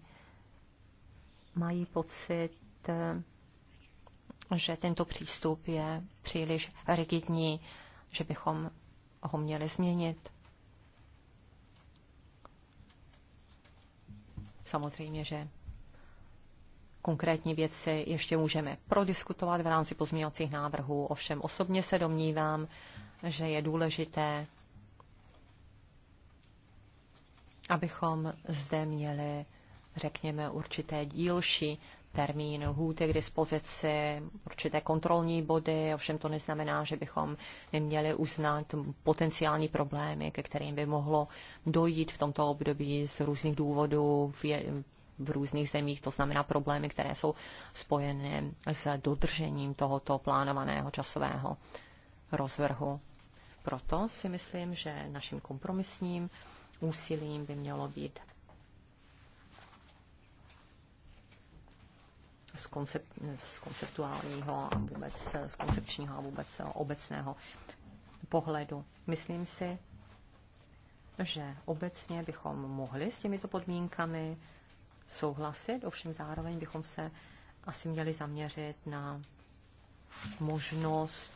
mají pocit, že tento přístup je příliš rigidní, že bychom ho měli změnit. Samozřejmě, že konkrétní věci ještě můžeme prodiskutovat v rámci pozměňovacích návrhů. Ovšem osobně se domnívám, že je důležité, abychom zde měli řekněme, určité dílší termín hůty k dispozici, určité kontrolní body, ovšem to neznamená, že bychom neměli uznat potenciální problémy, ke kterým by mohlo dojít v tomto období z různých důvodů v, je, v různých zemích, to znamená problémy, které jsou spojené s dodržením tohoto plánovaného časového rozvrhu. Proto si myslím, že naším kompromisním úsilím by mělo být z, koncep, z konceptuálního a vůbec z koncepčního a vůbec obecného pohledu. Myslím si, že obecně bychom mohli s těmito podmínkami souhlasit, ovšem zároveň bychom se asi měli zaměřit na možnost,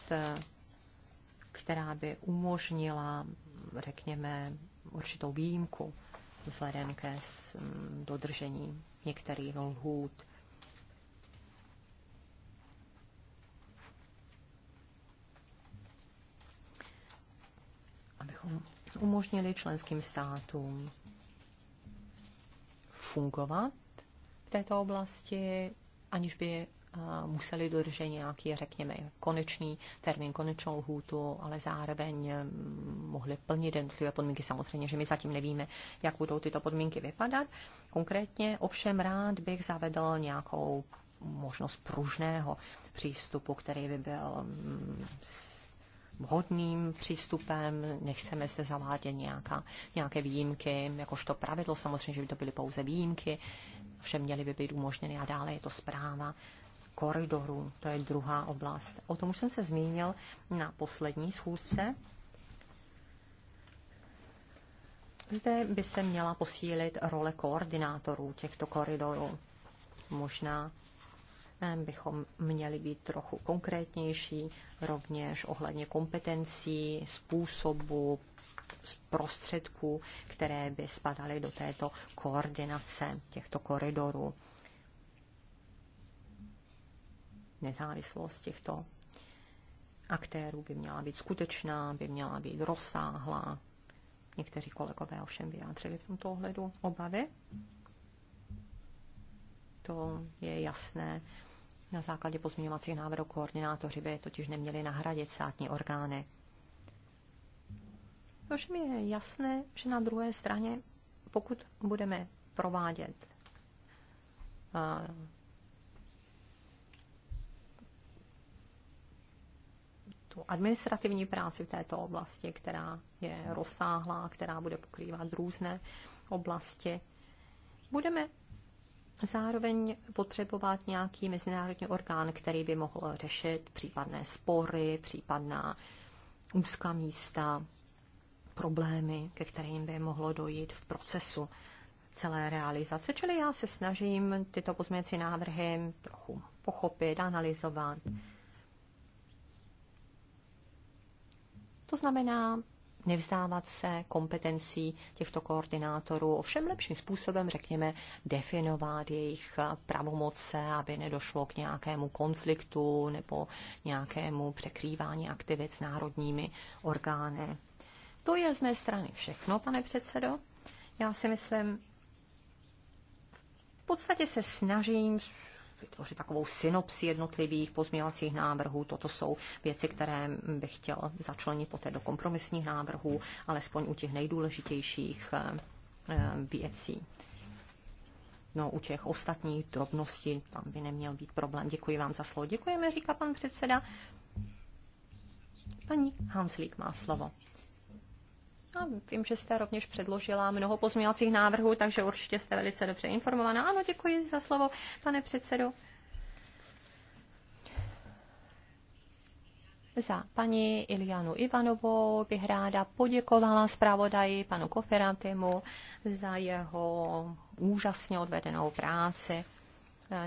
která by umožnila, řekněme, určitou výjimku vzhledem ke dodržení některých lhůt abychom umožnili členským státům fungovat v této oblasti, aniž by eh, museli dodržet nějaký, řekněme, konečný termín, konečnou lhůtu, ale zároveň eh, mohli plnit jednotlivé podmínky. Samozřejmě, že my zatím nevíme, jak budou tyto podmínky vypadat. Konkrétně ovšem rád bych zavedl nějakou možnost pružného přístupu, který by byl vhodným přístupem, nechceme se zavádět nějaká, nějaké výjimky, jakožto pravidlo samozřejmě, že by to byly pouze výjimky, vše měly by být umožněny a dále je to zpráva koridorů, to je druhá oblast. O tom už jsem se zmínil na poslední schůzce. Zde by se měla posílit role koordinátorů těchto koridorů. Možná bychom měli být trochu konkrétnější, rovněž ohledně kompetencí, způsobu, prostředků, které by spadaly do této koordinace těchto koridorů. Nezávislost těchto aktérů by měla být skutečná, by měla být rozsáhlá. Někteří kolegové ovšem vyjádřili v tomto ohledu obavy. To je jasné na základě pozměňovacích návrhů koordinátoři by totiž neměli nahradit státní orgány. Ovšem je jasné, že na druhé straně, pokud budeme provádět tu administrativní práci v této oblasti, která je rozsáhlá, která bude pokrývat různé oblasti, budeme zároveň potřebovat nějaký mezinárodní orgán, který by mohl řešit případné spory, případná úzká místa, problémy, ke kterým by mohlo dojít v procesu celé realizace. Čili já se snažím tyto pozměnící návrhy trochu pochopit, analyzovat. To znamená nevzdávat se kompetencí těchto koordinátorů, ovšem lepším způsobem, řekněme, definovat jejich pravomoce, aby nedošlo k nějakému konfliktu nebo nějakému překrývání aktivit s národními orgány. To je z mé strany všechno, pane předsedo. Já si myslím, v podstatě se snažím vytvořit takovou synopsi jednotlivých pozměňovacích návrhů. Toto jsou věci, které bych chtěl začlenit poté do kompromisních návrhů, alespoň u těch nejdůležitějších eh, eh, věcí. No, u těch ostatních drobností tam by neměl být problém. Děkuji vám za slovo. Děkujeme, říká pan předseda. Paní Hanslík má slovo. A no, vím, že jste rovněž předložila mnoho pozměňovacích návrhů, takže určitě jste velice dobře informovaná. Ano, děkuji za slovo, pane předsedo. Za paní Ilianu Ivanovou bych ráda poděkovala zpravodaji panu Koferantimu za jeho úžasně odvedenou práci.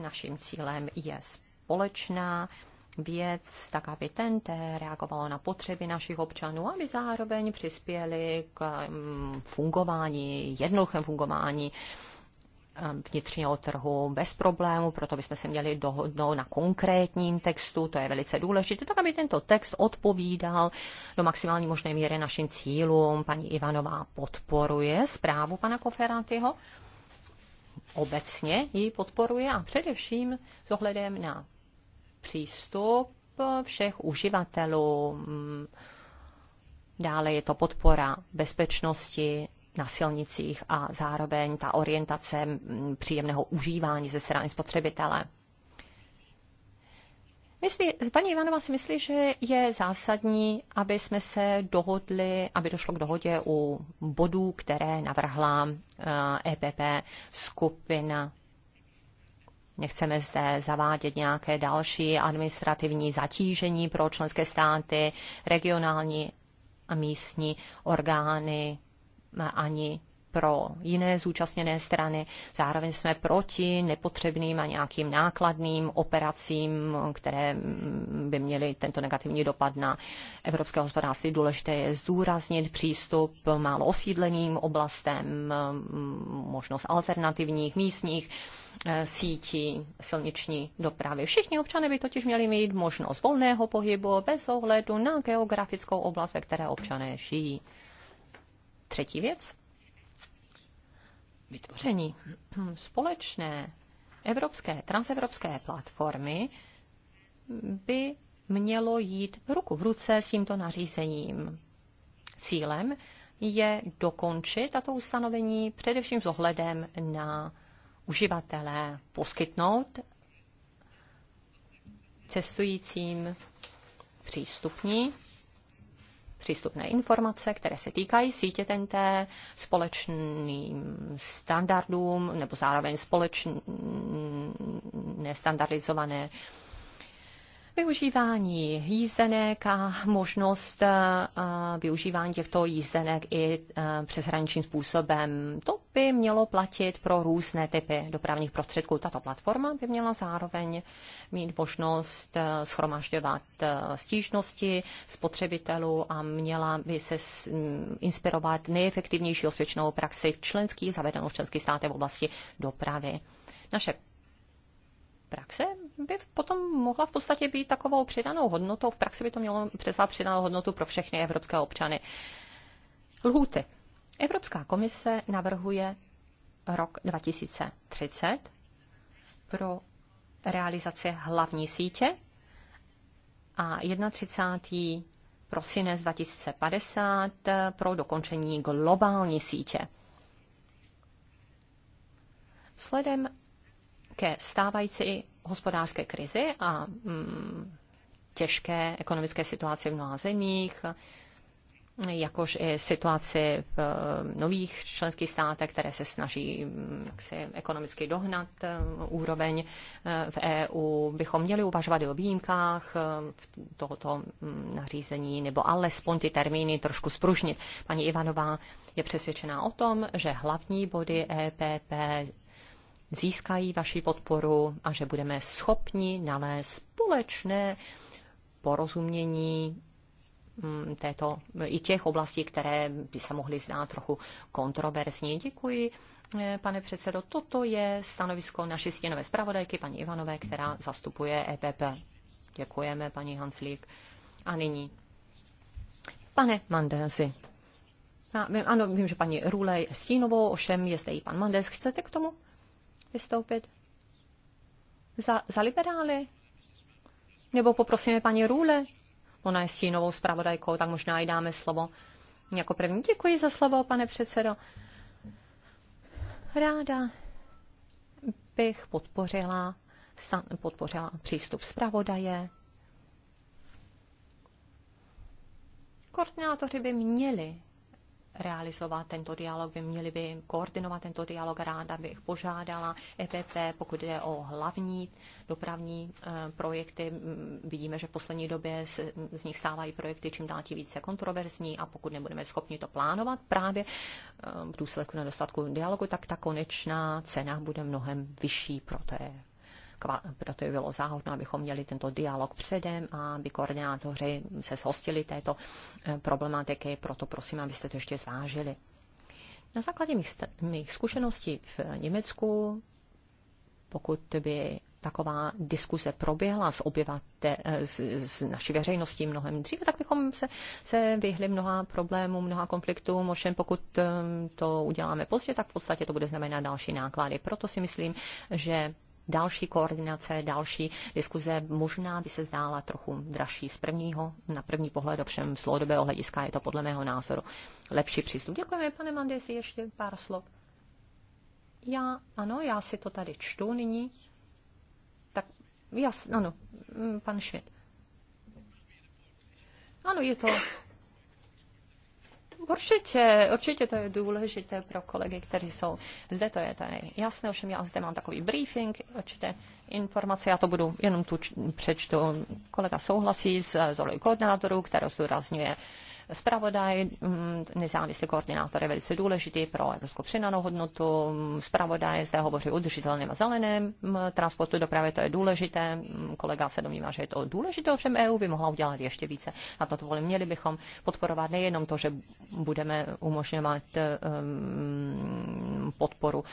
Naším cílem je společná věc, tak aby TNT reagovalo na potřeby našich občanů, aby zároveň přispěli k mm, fungování, jednoduchém fungování mm, vnitřního trhu bez problému, proto bychom se měli dohodnout na konkrétním textu, to je velice důležité, tak aby tento text odpovídal do maximální možné míry našim cílům. Paní Ivanová podporuje zprávu pana Koferantyho, obecně ji podporuje a především s ohledem na přístup všech uživatelů. Dále je to podpora bezpečnosti na silnicích a zároveň ta orientace příjemného užívání ze strany spotřebitele. Myslí, paní Ivanova, si myslí, že je zásadní, aby jsme se dohodli, aby došlo k dohodě u bodů, které navrhla EPP eh, e skupina Nechceme zde zavádět nějaké další administrativní zatížení pro členské státy, regionální a místní orgány ani pro jiné zúčastněné strany. Zároveň jsme proti nepotřebným a nějakým nákladným operacím, které by měly tento negativní dopad na evropské hospodářství. Důležité je zdůraznit přístup málo osídleným oblastem, možnost alternativních místních eh, sítí silniční dopravy. Všichni občany by totiž měli mít možnost volného pohybu bez ohledu na geografickou oblast, ve které občané žijí. Třetí věc, vytvoření společné evropské, transevropské platformy by mělo jít ruku v ruce s tímto nařízením. Cílem je dokončit tato ustanovení především s ohledem na uživatelé, poskytnout cestujícím přístupní přístupné informace, které se týkají sítě TNT, společným standardům nebo zároveň společně standardizované uh, Využívání jízdenek a možnost eh, eh, využívání těchto jízdenek i eh, přeshraničním způsobem, to by mělo platit pro různé typy dopravních prostředků. Tato platforma by měla zároveň mít možnost schromažďovat stížnosti spotřebitelů a měla by se mm, inspirovat nejefektivnější osvědčenou praxi v členských, zavedenou v členských státech v oblasti dopravy. Naše praxe by potom mohla v podstatě být takovou přidanou hodnotou, v praxi by to mělo přesat přidanou hodnotu pro všechny evropské občany. Lhůty. Evropská komise navrhuje rok 2030 pro realizaci hlavní sítě a 31. prosinec 2050 pro dokončení globální sítě. Sledem ke stávající hospodářské krizi a mm, těžké ekonomické situaci v mnoha zemích, jakož i situaci v mm, nových členských státech, které se snaží mm, jaksi, ekonomicky dohnat mm, úroveň e, v EU, bychom měli uvažovat i o výjimkách e, tohoto nařízení, nebo alespoň ty termíny trošku spružnit. Paní Ivanová je přesvědčená o tom, že hlavní body EPP získají vaši podporu a že budeme schopni nalézt společné porozumění mm, této, i těch oblastí, které by se mohly zdát trochu kontroverzní. Děkuji, eh, pane předsedo. Toto je stanovisko naší stěnové zpravodajky, paní Ivanové, která zastupuje EPP. Děkujeme, paní Hanslík. A nyní. Pane Mandelsi. Ano, vím, že paní Rulej je stínovou, ošem je zde i pan Mandes. Chcete k tomu? vystoupit? Za, za liberály? Nebo poprosíme paní Růle? Ona je stínovou zpravodajkou, tak možná jí dáme slovo. Jako první děkuji za slovo, pane předsedo. Ráda bych podpořila, podpořila přístup zpravodaje. Koordinátoři by měli realizovat tento dialog, by měli by koordinovat tento dialog. Ráda bych požádala EPP, pokud jde o hlavní dopravní eh, projekty. Vidíme, že v poslední době z nich stávají projekty čím dál tím více kontroverzní a pokud nebudeme schopni to plánovat právě eh, v důsledku nedostatku dialogu, tak ta konečná cena bude mnohem vyšší pro té proto by bylo záhodno, abychom měli tento dialog předem a aby koordinátoři se zhostili této eh, problematiky, proto prosím, abyste to ještě zvážili. Na základě mých, mých zkušeností v Německu, pokud by taková diskuze proběhla s, obyvate, eh, s, s naší veřejností mnohem dříve, tak bychom se, se vyhli mnoha problémům, mnoha konfliktům. Ovšem, pokud eh, to uděláme pozdě, tak v podstatě to bude znamenat další náklady. Proto si myslím, že další koordinace, další diskuze možná by se zdála trochu dražší z prvního, na první pohled, ovšem z dlouhodobého hlediska je to podle mého názoru lepší přístup. Děkujeme, pane Mandesi, ještě pár slov. Já, ano, já si to tady čtu nyní. Tak, jas, ano, mm, pan Švěd. Ano, je to Určitě, určitě to je důležité pro kolegy, kteří jsou zde, to je, tady jasné, ovšem já zde mám takový briefing, určitě informace, já to budu jenom tu přečtu. Kolega souhlasí s rolí koordinátorů, která zdůrazňuje Spravodaj, mm, nezávislý koordinátor je velice důležitý pro evropskou přinanou hodnotu. Spravodaj zde hovoří o udržitelném a zeleném mm, transportu dopravy, to je důležité. Mm, kolega se domnívá, že je to důležité, ovšem EU by mohla udělat ještě více. A to volím, měli bychom podporovat nejenom to, že budeme umožňovat um, podporu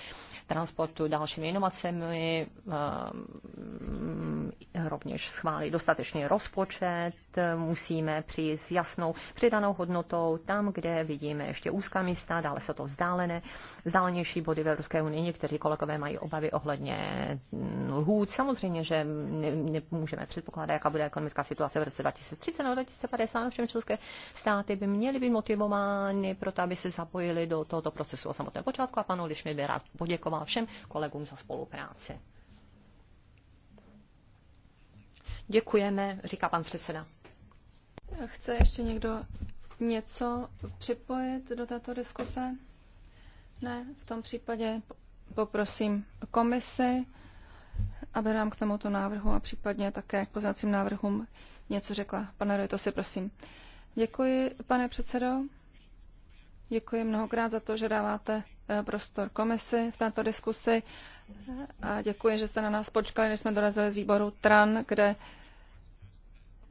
transportu dalšími inovacemi, eh, mm, rovněž schválit dostatečný rozpočet, musíme přijít s jasnou přidanou hodnotou tam, kde vidíme ještě úzká místa, dále jsou to vzdálené, vzdálenější body v Evropské unii. Někteří kolegové mají obavy ohledně mm, lhůt. Samozřejmě, že nemůžeme předpokládat, jaká bude ekonomická situace v roce 2030 nebo 2050, no všem české státy by měly být motivovány proto aby se zapojili do tohoto procesu od samotného počátku a panu mi by rád poděkoval poděkovala všem kolegům za spolupráci. Děkujeme, říká pan předseda. Chce ještě někdo něco připojit do této diskuse? Ne, v tom případě poprosím komisi, aby nám k tomuto návrhu a případně také k poznacím návrhům něco řekla. Pane Roj, to si prosím. Děkuji, pane předsedo. Děkuji mnohokrát za to, že dáváte Eh, prostor komisi v této diskusi a děkuji, že jste na nás počkali, než jsme dorazili z výboru TRAN, kde eh,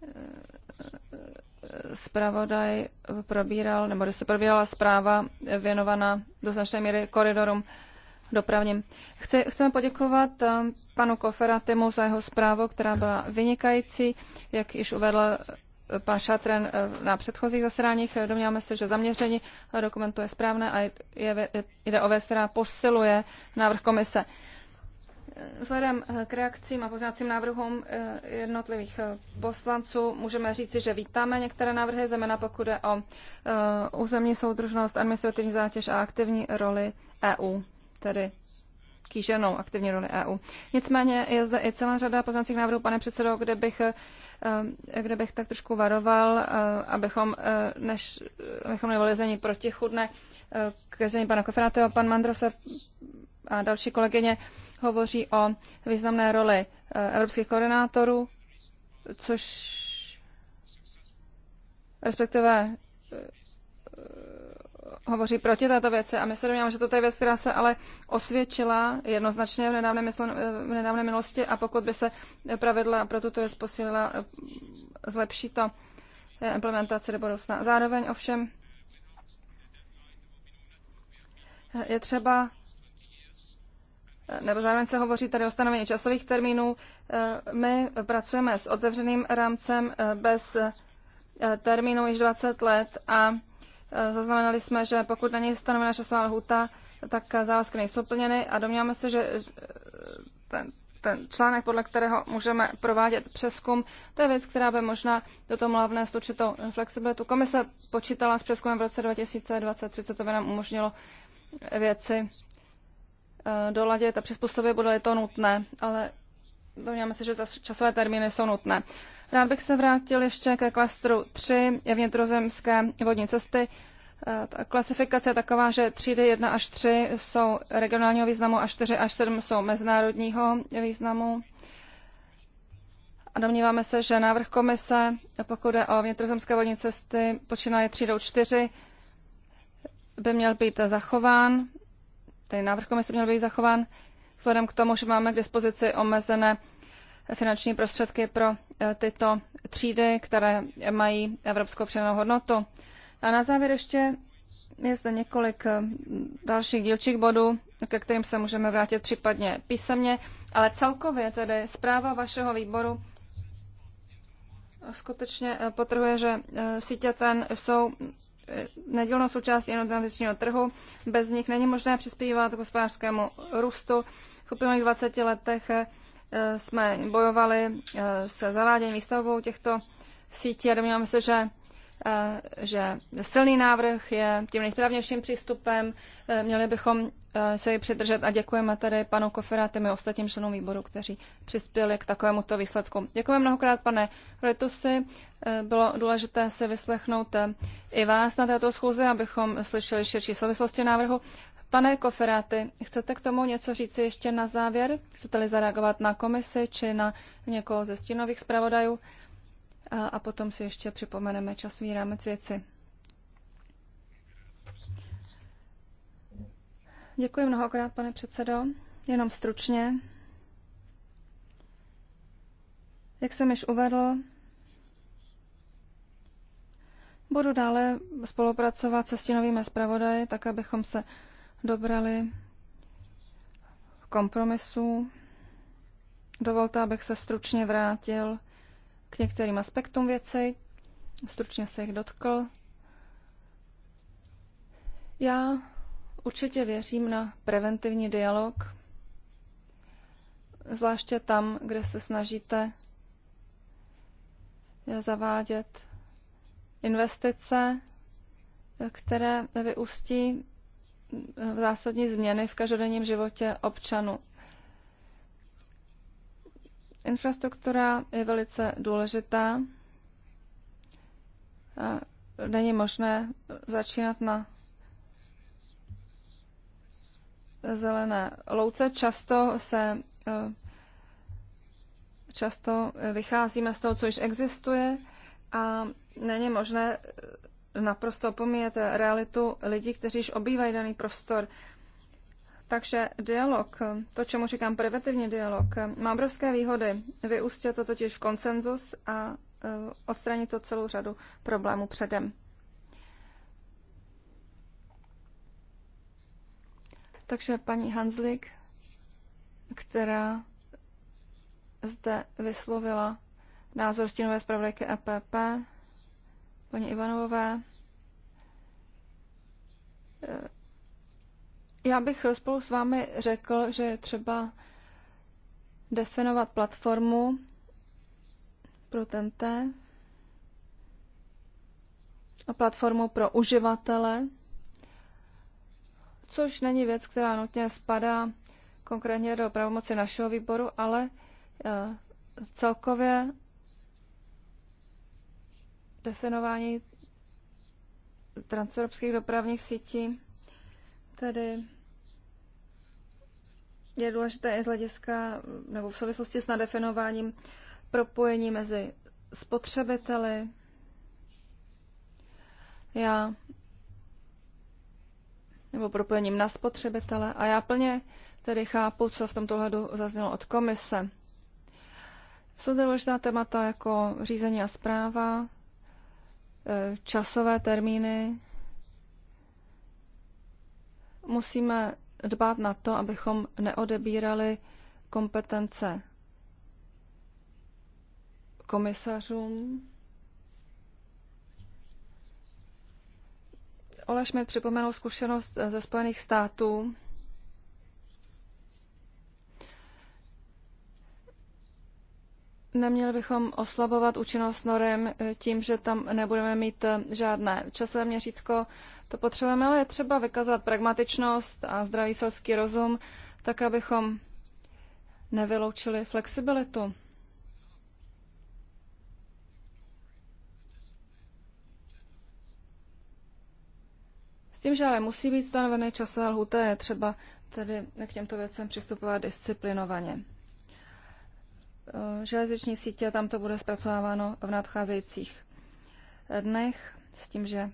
eh, zpravodaj probíral, nebo se probírala zpráva věnovaná do značné míry koridorům dopravním. Chci, chceme poděkovat panu Koferatimu za jeho zprávu, která byla vynikající. Jak již uvedl pan Šatren eh, na předchozích zasedáních. Eh, domníváme se, že zaměření dokumentu je správné a je, jde o věc, která posiluje návrh komise. Vzhledem eh, k reakcím a pozněvacím návrhům jednotlivých poslanců můžeme říci, že vítáme některé návrhy, zejména pokud je o územní soudržnost, administrativní zátěž a aktivní roli EU, tedy kýženou aktivní roli EU. Nicméně je zde i celá řada poznacích návrhů, pane předsedo, kde bych, eh, kde bych tak trošku varoval, eh, abychom, eh, než, abychom nevolili protichudné k zemí pana Koferáteho. Pan Mandrose a další kolegyně hovoří o významné roli evropských koordinátorů, což respektive hovoří proti této věci a my se domníváme, že toto je věc, která se ale osvědčila jednoznačně v nedávné, myslen, v nedávné minulosti a pokud by se pravidla pro tuto věc posílila, zlepší to eh, implementaci do budoucna. Zároveň ovšem eh, je třeba eh, nebo zároveň se hovoří tady o stanovení časových termínů. My pracujeme s otevřeným rámcem bez termínu již 20 let a Eh, zaznamenali jsme, že pokud není stanovena časová lhuta, tak závazky nejsou plněny a domníváme se, že eh, ten, ten článek, podle kterého můžeme provádět přeskum, to je věc, která by možná do toho mohla vnést určitou flexibilitu. Komise počítala s přeskumem v roce 2020 co to by nám umožnilo věci eh, doladit a přizpůsobit, bude-li to nutné, ale domníváme se, že časové termíny jsou nutné. Rád bych se vrátil ještě ke klastru 3 vnitrozemské vodní cesty. E, ta klasifikace je taková, že třídy 1 až 3 jsou regionálního významu a 4 až 7 jsou mezinárodního významu. A domníváme se, že návrh komise, pokud je o vnitrozemské vodní cesty, počínaje třídou 4, by měl být zachován. Ten návrh komise měl být zachován vzhledem k tomu, že máme k dispozici omezené finanční prostředky pro eh, tyto třídy, které mají evropskou přenou hodnotu. A na závěr ještě je zde několik eh, dalších dílčích bodů, ke kterým se můžeme vrátit případně písemně, ale celkově tedy zpráva vašeho výboru skutečně eh, potrhuje, že sítě ten jsou nedílnou součástí jednotného trhu. Bez nich není možné přispívat k hospodářskému růstu. V uplynulých 20 letech Eh, jsme bojovali eh, se zaváděním výstavbou těchto sítí a domníváme se, že eh, že silný návrh je tím nejsprávnějším přístupem. Měli bychom se ji přidržet a děkujeme tady panu Kofera a ostatním členům výboru, kteří přispěli k takovémuto výsledku. Děkujeme mnohokrát, pane Rojtusi. Bylo důležité se vyslechnout i vás na této schůzi, abychom slyšeli širší souvislosti návrhu. Pane Koferáty, chcete k tomu něco říci ještě na závěr? Chcete-li zareagovat na komisi či na někoho ze stínových zpravodajů? A, a potom si ještě připomeneme časový rámec věci. Děkuji mnohokrát, pane předsedo. Jenom stručně. Jak jsem již uvedl, budu dále spolupracovat se stínovými zpravodaji, tak abychom se dobrali kompromisu. Dovolte, abych se stručně vrátil k některým aspektům věci, stručně se jich dotkl. Já určitě věřím na preventivní dialog, zvláště tam, kde se snažíte zavádět investice, které vyústí zásadní změny v každodenním životě občanů. Infrastruktura je velice důležitá. Není možné začínat na zelené louce. Často se eh, často vycházíme z toho, co již existuje a není možné naprosto opomíjete realitu lidí, kteří již obývají daný prostor. Takže dialog, to, čemu říkám preventivní dialog, má obrovské výhody. Vyústě to totiž v konsenzus a e, odstranit to celou řadu problémů předem. Takže paní Hanslik, která zde vyslovila názor stínové zpravodajky EPP, paní Ivanovové. Eh, já bych spolu s vámi řekl, že je třeba definovat platformu pro tente a platformu pro uživatele, což není věc, která nutně spadá konkrétně do pravomoci našeho výboru, ale eh, celkově definování transevropských dopravních sítí. Tady je důležité i z hlediska nebo v souvislosti s nadefinováním propojení mezi spotřebiteli. Já nebo propojením na spotřebitele. A já plně tedy chápu, co v tomto hledu zaznělo od komise. Jsou zde důležitá témata jako řízení a zpráva, časové termíny. Musíme dbát na to, abychom neodebírali kompetence komisařům. Ola Schmidt připomenul zkušenost ze Spojených států, Neměli bychom oslabovat účinnost norem eh, tím, že tam nebudeme mít eh, žádné časové měřítko. To potřebujeme, ale je třeba vykazovat pragmatičnost a zdravý selský rozum, tak abychom nevyloučili flexibilitu. S tím, že ale musí být stanoveny časové lhuté, je třeba tedy k těmto věcem přistupovat disciplinovaně. Eh, železniční sítě, tam to bude zpracováváno v nadcházejících dnech s tím, že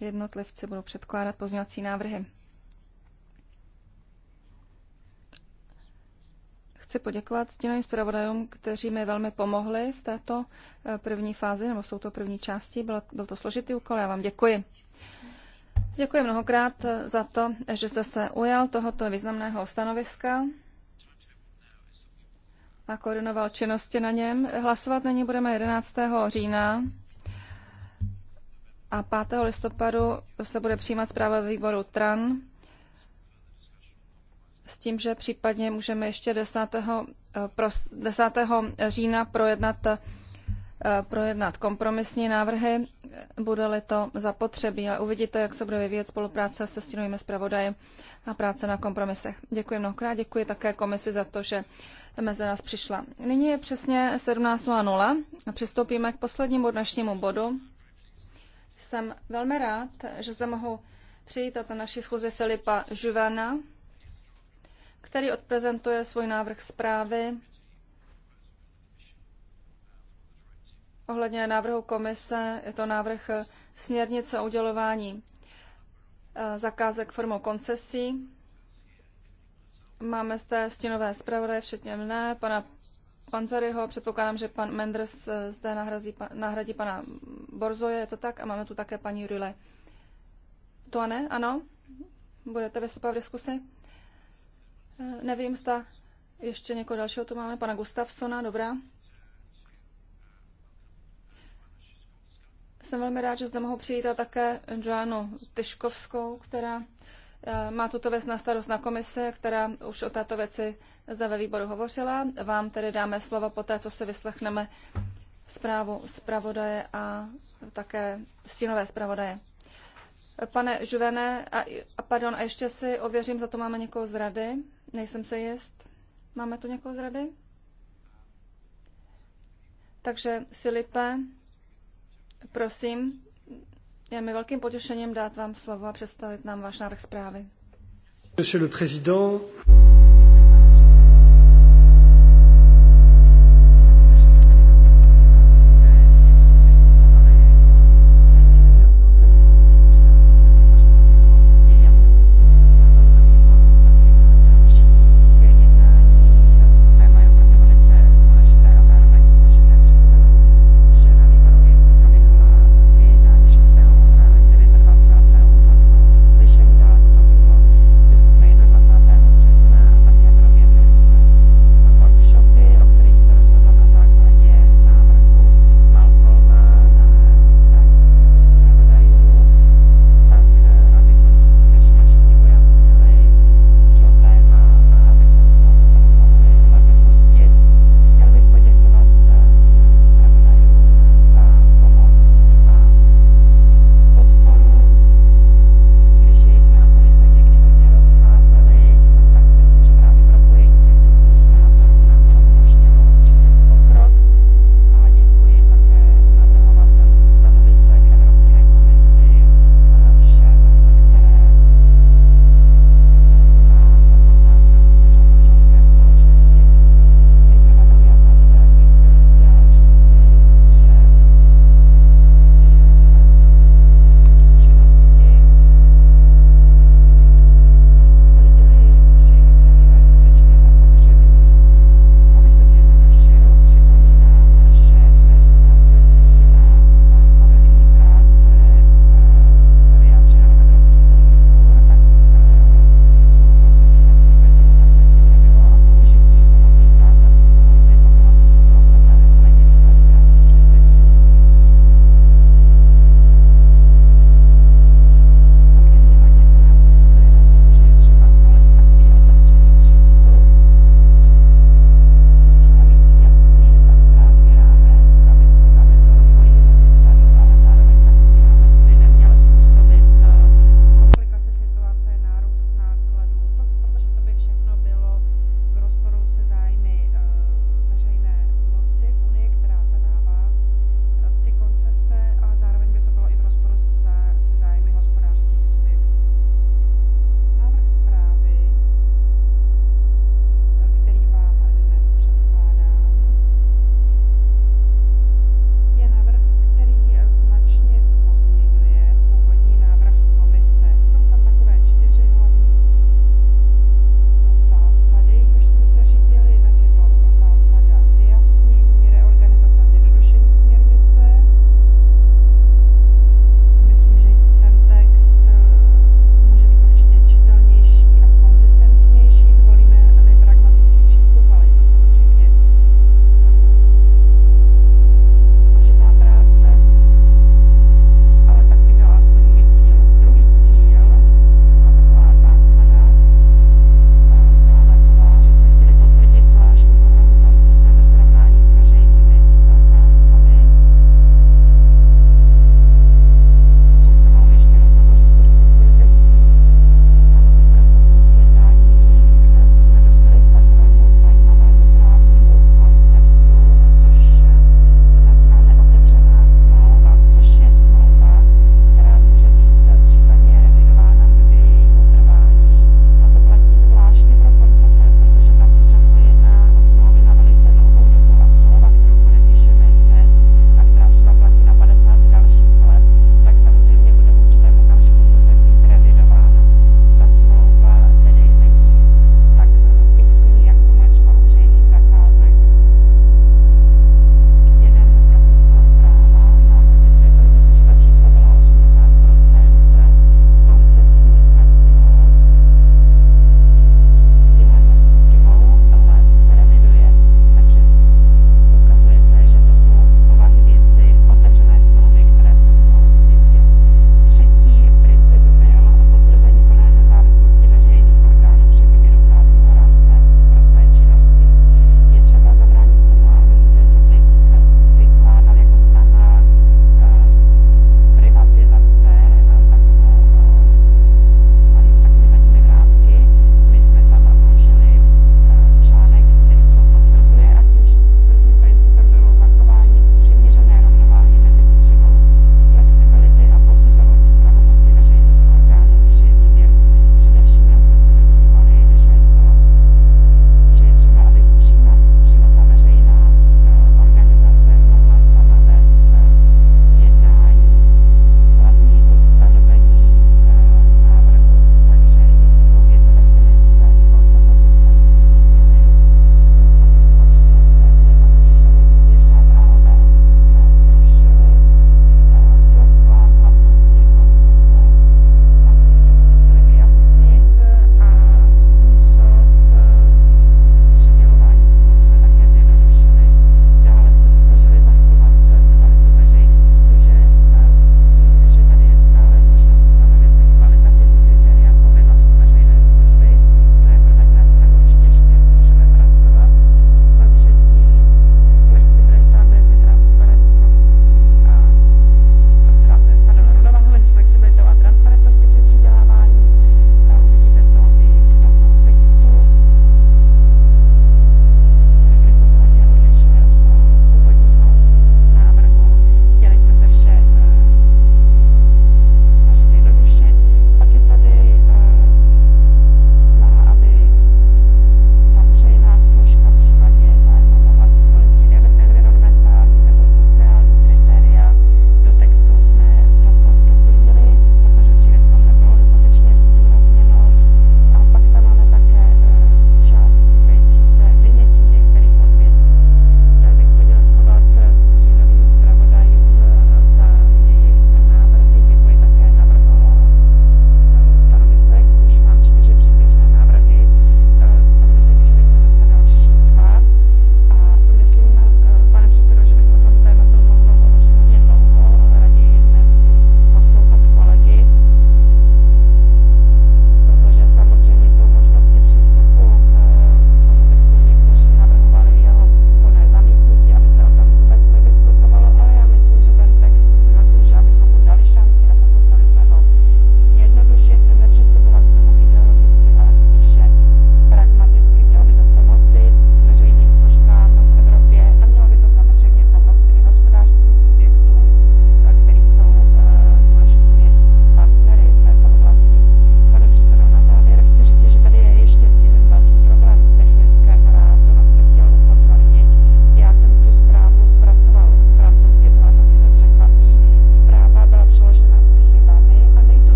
jednotlivci budou předkládat pozměňovací návrhy. Chci poděkovat stínovým zpravodajům, kteří mi velmi pomohli v této eh, první fázi, nebo v touto první části. Byl, byl to složitý úkol, já vám děkuji. Děkuji mnohokrát eh, za to, že jste se ujal tohoto významného stanoviska a koordinoval činnosti na něm. Hlasovat na ní budeme 11. října a 5. listopadu se bude přijímat zpráva výboru TRAN s tím, že případně můžeme ještě 10. Eh, pros, 10. října projednat, eh, projednat kompromisní návrhy, bude-li to zapotřebí. Ale uvidíte, jak se bude vyvíjet spolupráce se stínovými zpravodaji a práce na kompromisech. Děkuji mnohokrát, děkuji také komisi za to, že mezi nás přišla. Nyní je přesně 17.00 a přistoupíme k poslednímu dnešnímu bodu. Jsem velmi rád, že zde mohu přijít na naší schůzi Filipa Žuvena, který odprezentuje svůj návrh zprávy ohledně návrhu komise. Je to návrh směrnice o udělování eh, zakázek formou koncesí. Máme zde stěnové zpravodaje, včetně mne, pana Panzaryho, předpokládám, že pan Menders eh, zde nahrazí, nahradí pana Borzoje, je to tak? A máme tu také paní Rüle. To ne? Ano? Budete vystupovat v diskusi? Eh, nevím, zda ještě někoho dalšího tu máme, pana Gustavsona, dobrá. Jsem velmi rád, že zde mohu přijít a také Joanu Tyškovskou, která Eh, má tuto věc na starost na komise, která už o této věci zde ve výboru hovořila. Vám tedy dáme slovo po té, co si vyslechneme zprávu zpravodaje a také stínové zpravodaje. Eh, pane Žuvene, a, a pardon, a ještě si ověřím, za to máme někoho z rady. Nejsem se jist. Máme tu někoho z rady? Takže Filipe, prosím, je mi velkým potěšením dát vám slovo a představit nám váš návrh zprávy. Monsieur le président.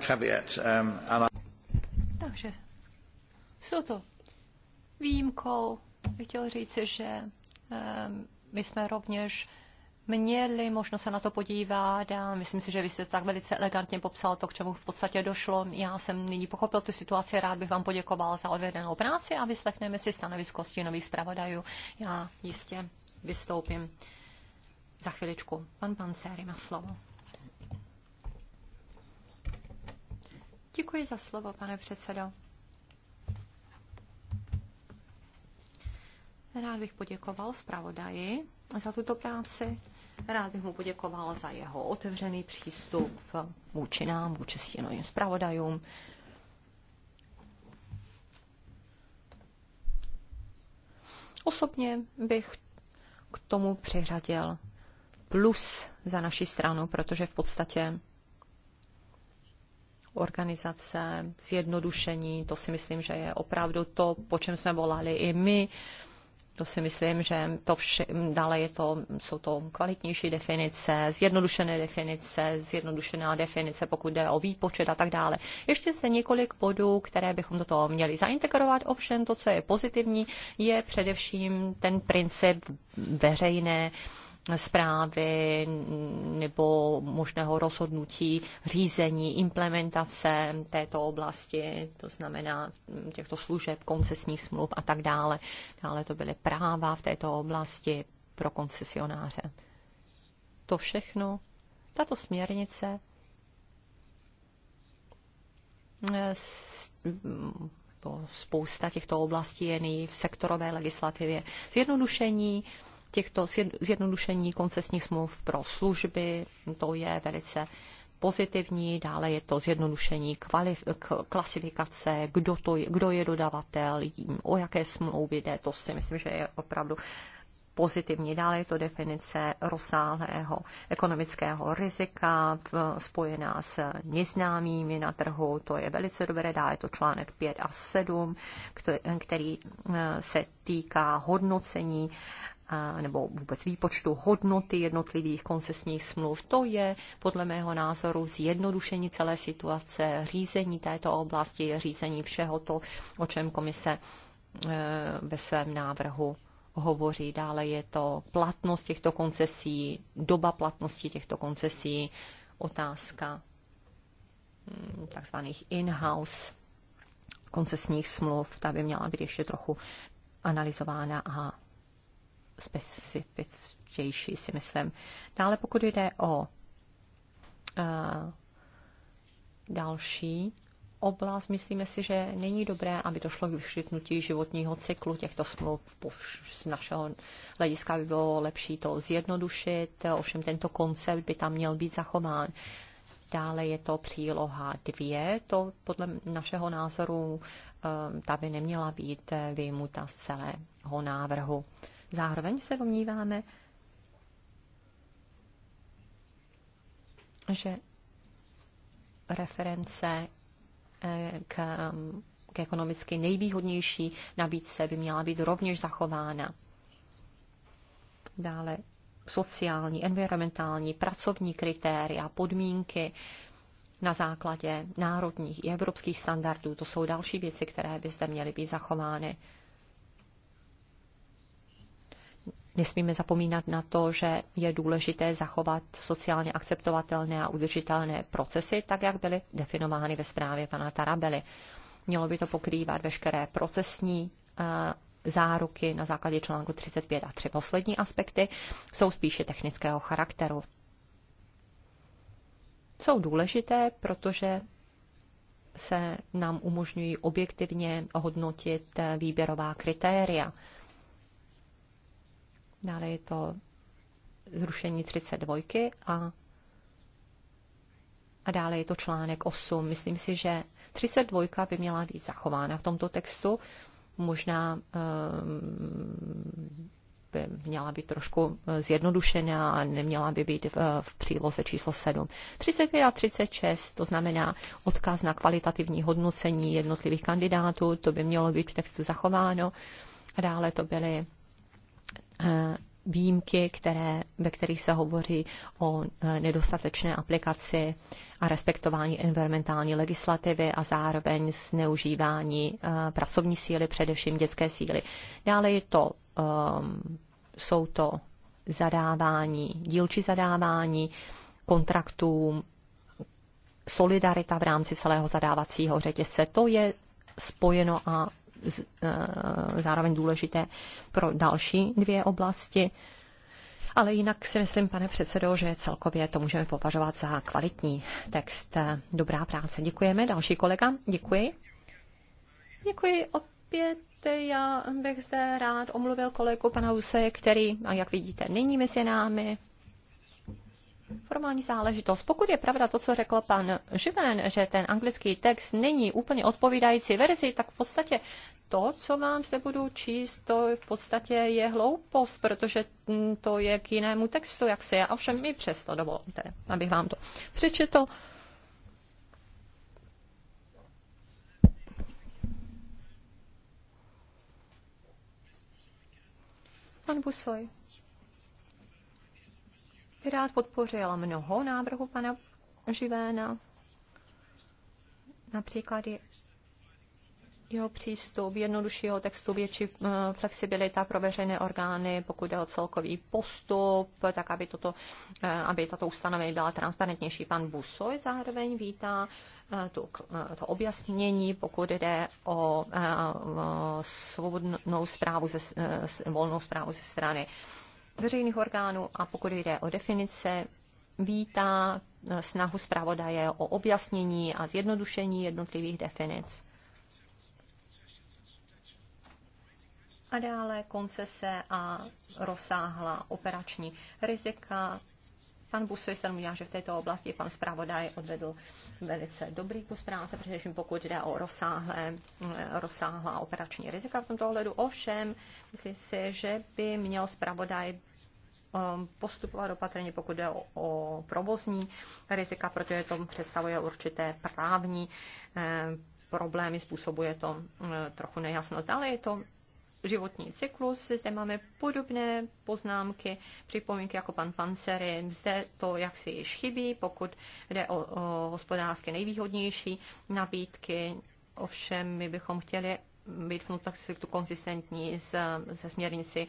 that caveat, um, Takže jsou to výjimkou. Bych chtěl říct, že um, my jsme rovněž měli možnost se na to podívat a myslím si, že vy jste tak velice elegantně popsal to, k čemu v podstatě došlo. Já jsem nyní pochopil tu situaci, rád bych vám poděkoval za odvedenou práci a vyslechneme si stanovisko stínových zpravodajů. Já jistě vystoupím za chviličku. Pan Pancéry má slovo. Děkuji za slovo, pane předsedo. Rád bych poděkoval zpravodaji za tuto práci. Rád bych mu poděkoval za jeho otevřený přístup vůči nám, vůči stěnovým zpravodajům. Osobně bych k tomu přiřadil plus za naši stranu, protože v podstatě organizace, zjednodušení, to si myslím, že je opravdu to, po čem jsme volali i my. To si myslím, že to vše, dále je to, jsou to kvalitnější definice, zjednodušené definice, zjednodušená definice, pokud jde o výpočet a tak dále. Ještě zde několik bodů, které bychom do toho měli zaintegrovat. Ovšem to, co je pozitivní, je především ten princip veřejné zprávy nebo možného rozhodnutí, řízení, implementace této oblasti, to znamená těchto služeb, koncesních smluv a tak dále. Dále to byly práva v této oblasti pro koncesionáře. To všechno, tato směrnice spousta těchto oblastí je nyní v sektorové legislativě. Zjednodušení, těchto zjednodušení koncesních smluv pro služby. To je velice pozitivní, dále je to zjednodušení kvalif- k- klasifikace, kdo, to je, kdo je dodavatel, o jaké smlouvy jde, to si myslím, že je opravdu pozitivní. Dále je to definice rozsáhlého ekonomického rizika spojená s neznámými na trhu, to je velice dobré, dále je to článek 5 a 7, který eh, se týká hodnocení nebo vůbec výpočtu hodnoty jednotlivých koncesních smluv. To je podle mého názoru zjednodušení celé situace, řízení této oblasti, řízení všeho to, o čem komise e, ve svém návrhu hovoří. Dále je to platnost těchto koncesí, doba platnosti těchto koncesí, otázka mm, takzvaných in-house koncesních smluv, ta by měla být ještě trochu analyzována a specifičtější, si myslím. Dále pokud jde o uh, další oblast, myslíme si, že není dobré, aby došlo k vyškrtnutí životního cyklu těchto smluv. Z našeho hlediska by bylo lepší to zjednodušit, ovšem tento koncept by tam měl být zachován. Dále je to příloha dvě, to podle našeho názoru eh, ta by neměla být eh, vyjmuta z celého návrhu. Zároveň se domníváme, že reference eh, k, k ekonomicky nejvýhodnější nabídce by měla být rovněž zachována. Dále sociální, environmentální, pracovní kritéria, podmínky na základě národních i evropských standardů. To jsou další věci, které by zde měly být zachovány. Nesmíme zapomínat na to, že je důležité zachovat sociálně akceptovatelné a udržitelné procesy, tak jak byly definovány ve zprávě pana Tarabely. Mělo by to pokrývat veškeré procesní eh, záruky na základě článku 35 a tři poslední aspekty jsou spíše technického charakteru. Jsou důležité, protože se nám umožňují objektivně hodnotit eh, výběrová kritéria Dále je to zrušení 32 a, a dále je to článek 8. Myslím si, že 32 by měla být zachována v tomto textu. Možná um, by měla být trošku zjednodušená a neměla by být v, v příloze číslo 7. 35 a 36, to znamená odkaz na kvalitativní hodnocení jednotlivých kandidátů, to by mělo být v textu zachováno. A dále to byly Eh, výjimky, které, ve kterých se hovoří o eh, nedostatečné aplikaci a respektování environmentální legislativy a zároveň zneužívání eh, pracovní síly, především dětské síly. Dále je to, jsou to zadávání, dílčí zadávání kontraktů, solidarita v rámci celého zadávacího řetězce. To je spojeno a Eh, zároveň důležité pro další dvě oblasti. Ale jinak si myslím, pane předsedo, že celkově to můžeme považovat za kvalitní text. Dobrá práce. Děkujeme. Další kolega. Děkuji. Děkuji opět. Já bych zde rád omluvil kolegu pana Huse, který, jak vidíte, není mezi námi formální záležitost. Pokud je pravda to, co řekl pan Živen, že ten anglický text není úplně odpovídající verzi, tak v podstatě to, co vám zde budu číst, to v podstatě je hloupost, protože mm, to je k jinému textu, jak se je. Ovšem mi přesto dovolte, abych vám to přečetl. Pan Busoj. Pirát podpořil mnoho návrhů pana Živéna. Například je jeho přístup, jednoduššího textu, větší eh, flexibilita pro veřejné orgány, pokud jde o celkový postup, tak aby, toto, eh, aby tato ustanovení byla transparentnější. Pan Busoj zároveň vítá eh, to, to objasnění, pokud jde o svobodnou zprávu ze, volnou zprávu ze strany veřejných orgánů a pokud jde o definice, vítá eh, snahu zpravodaje o objasnění a zjednodušení jednotlivých definic. A dále koncese a rozsáhla operační rizika. Pan Busoj se domnívá, že v této oblasti pan zpravodaj odvedl velice dobrý kus práce, především pokud jde o rozsáhlé, eh, rozsáhlá operační rizika v tomto ohledu. Ovšem, myslím si, že by měl zpravodaj Um, postupovat opatrně, pokud jde o, o provozní rizika, protože to představuje určité právní eh, problémy, způsobuje to eh, trochu nejasnost. Ale je to životní cyklus, zde máme podobné poznámky, připomínky jako pan Pancery. Zde to, jak si již chybí, pokud jde o, o hospodářské nejvýhodnější nabídky, ovšem my bychom chtěli být v tak konsistentní se směrnici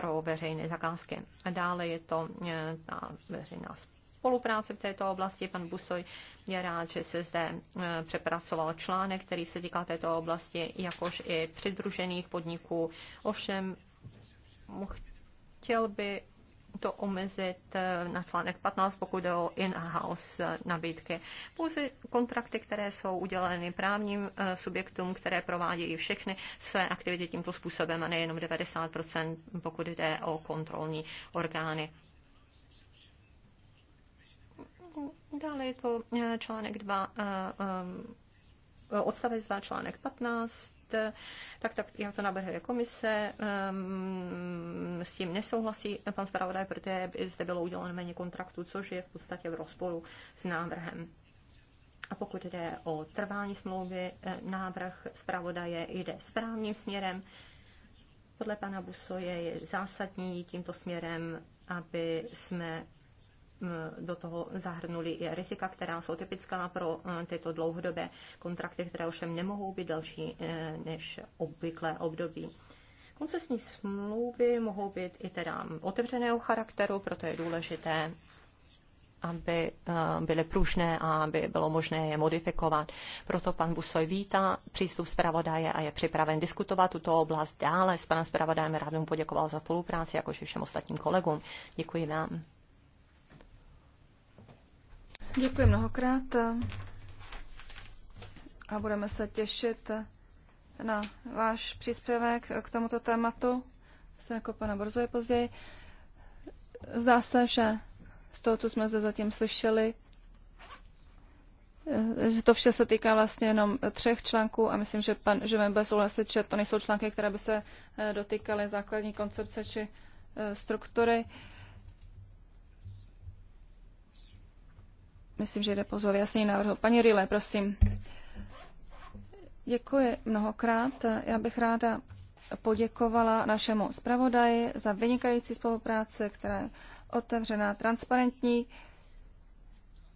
pro veřejné zakázky. A dále je to e, ta veřejná spolupráce v této oblasti. Pan Busoj je rád, že se zde e, přepracoval článek, který se týká této oblasti, jakož i přidružených podniků. Ovšem, chtěl by to omezit eh, na článek 15, pokud jde o in-house eh, nabídky. Pouze kontrakty, které jsou uděleny právním eh, subjektům, které provádějí všechny své aktivity tímto způsobem a nejenom 90 pokud jde o kontrolní orgány. Dále je to článek 2, odstavec 2, článek 15 tak, tak já to navrhuje komise, ehm, s tím nesouhlasí pan zpravodaj, protože by zde bylo uděleno méně kontraktu, což je v podstatě v rozporu s návrhem. A pokud jde o trvání smlouvy, eh, návrh zpravodaje jde správným směrem. Podle pana Busoje je zásadní tímto směrem, aby jsme Eh, do toho zahrnuli i rizika, která jsou typická pro eh, tyto dlouhodobé kontrakty, které ovšem nemohou být další eh, než obvyklé období. Koncesní smlouvy mohou být i teda otevřeného charakteru, proto je důležité, aby byly pružné a aby bylo možné je modifikovat. Proto pan Busoj vítá přístup zpravodaje a je připraven diskutovat tuto oblast dále. S panem zpravodajem rád mu poděkoval za spolupráci, jakož i všem ostatním kolegům. Děkuji vám. Děkuji mnohokrát a budeme se těšit na váš příspěvek k tomuto tématu. Se jako pana Borzuje později. Zdá se, že z toho, co jsme zde zatím slyšeli, že to vše se týká vlastně jenom třech článků a myslím, že pan Živen bude souhlasit, že to nejsou články, které by se dotýkaly základní koncepce či eh, struktury. Myslím, že jde pouze o vyjasnění návrhu. Paní Rile, prosím. Děkuji mnohokrát. Já bych ráda poděkovala našemu zpravodaji za vynikající spolupráci, která je otevřená, transparentní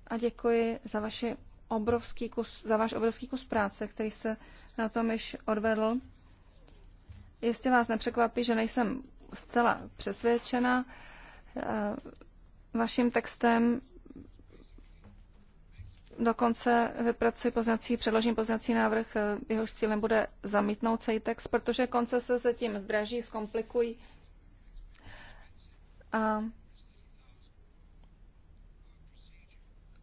a děkuji za, vaši obrovský kus, za váš obrovský kus práce, který se na tom již odvedl. Jestli vás nepřekvapí, že nejsem zcela přesvědčena eh, vaším textem, dokonce vypracuji poznací, předložím poznací návrh, eh, jehož cílem bude zamítnout celý text, protože koncese se tím zdraží, zkomplikují. A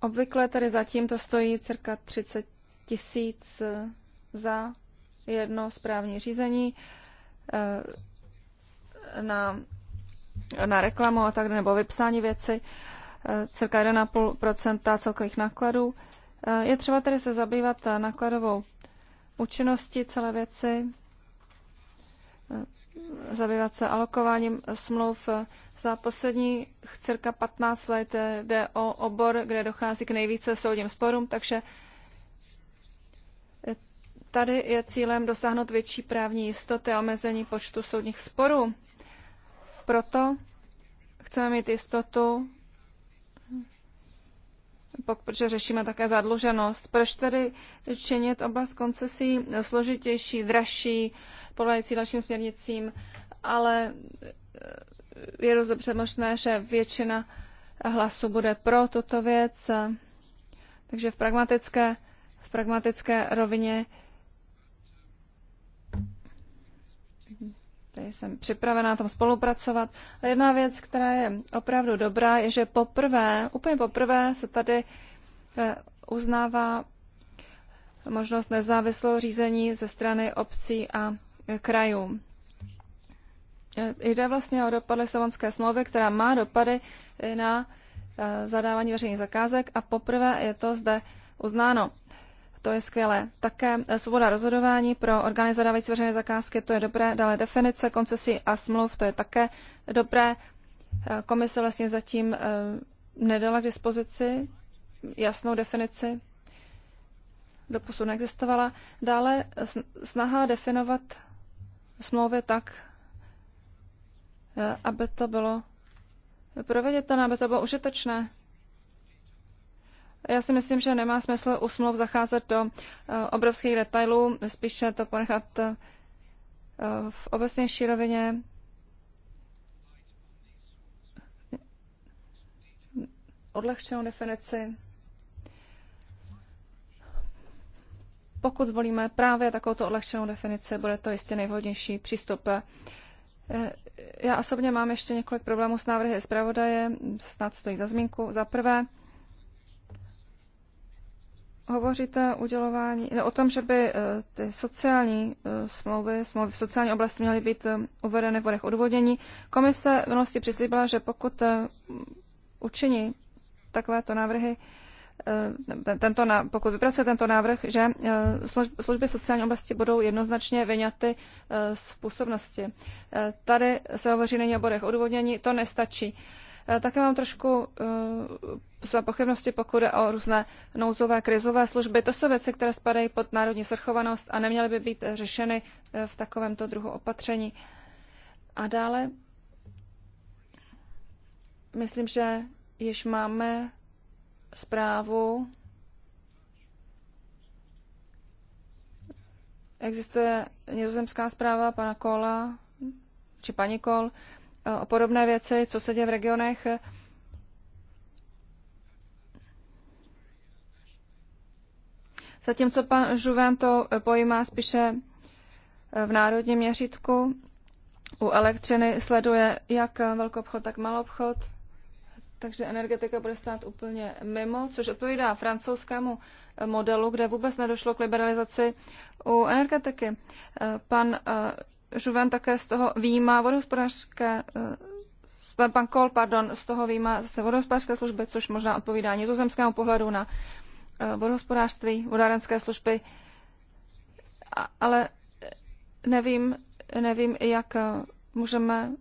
obvykle tady zatím to stojí cirka 30 tisíc eh, za jedno správní řízení eh, na, na reklamu a tak, nebo vypsání věci cirka 1,5 celkových nákladů. Je třeba tedy se zabývat nákladovou účinností celé věci, zabývat se alokováním smluv. Za posledních cirka 15 let jde o obor, kde dochází k nejvíce soudním sporům, takže tady je cílem dosáhnout větší právní jistoty a omezení počtu soudních sporů. Proto chceme mít jistotu, protože řešíme také zadluženost. Proč tedy činit oblast koncesí složitější, dražší, podlející dalším směrnicím, ale eh, je dost dobře možné, že většina hlasu bude pro tuto věc. Takže v pragmatické, v pragmatické rovině jsem připravená tam spolupracovat. A jedna věc, která je opravdu dobrá, je, že poprvé, úplně poprvé se tady eh, uznává možnost nezávislého řízení ze strany obcí a eh, krajů. Eh, jde vlastně o dopad Lisabonské smlouvy, která má dopady na zadávání veřejných zakázek a poprvé je to zde uznáno to je skvělé. Také eh, svoboda rozhodování pro orgány zadávající veřejné zakázky, to je dobré. Dále definice koncesí a smluv, to je také dobré. Eh, komise vlastně zatím eh, nedala k dispozici jasnou definici, doposud neexistovala. Dále snaha definovat smlouvy tak, aby to bylo proveditelné, aby to bylo užitečné. Já si myslím, že nemá smysl u smluv zacházet do eh, obrovských detailů, spíše to ponechat eh, v obecnější rovině. Odlehčenou definici. Pokud zvolíme právě takovou odlehčenou definici, bude to jistě nejvhodnější přístup. Eh, já osobně mám ještě několik problémů s návrhy zpravodaje, snad stojí za zmínku. Za prvé, hovoříte o udělování, ne, no, o tom, že by eh, ty sociální eh, smlouvy, smlouvy v sociální oblasti měly být eh, uvedeny v bodech odvodění. Komise v minulosti přislíbila, že pokud učiní takovéto návrhy, tento, pokud vypracuje tento návrh, že služby sociální oblasti budou jednoznačně vyňaty z působnosti. Tady se hovoří nyní o bodech odvodnění, to nestačí. Eh, také mám trošku eh, své pochybnosti, pokud je o různé nouzové krizové služby. To jsou věci, které spadají pod národní svrchovanost a neměly by být řešeny eh, v takovémto druhu opatření. A dále myslím, že již máme zprávu. Existuje nizozemská zpráva pana Kola, hm, či paní Kol, o podobné věci, co se děje v regionech. Zatímco pan Žuven to pojímá spíše v národním měřítku, u elektřiny sleduje jak velký obchod, tak malý obchod, takže energetika bude stát úplně mimo, což odpovídá francouzskému modelu, kde vůbec nedošlo k liberalizaci u energetiky. Pan Žuven také z toho výjímá vodohospodářské eh, pan Kol, pardon, z toho výjímá zase vodohospodářské služby, což možná odpovídá nizozemskému pohledu na eh, vodohospodářství, vodárenské služby. A, ale nevím, nevím, jak eh, můžeme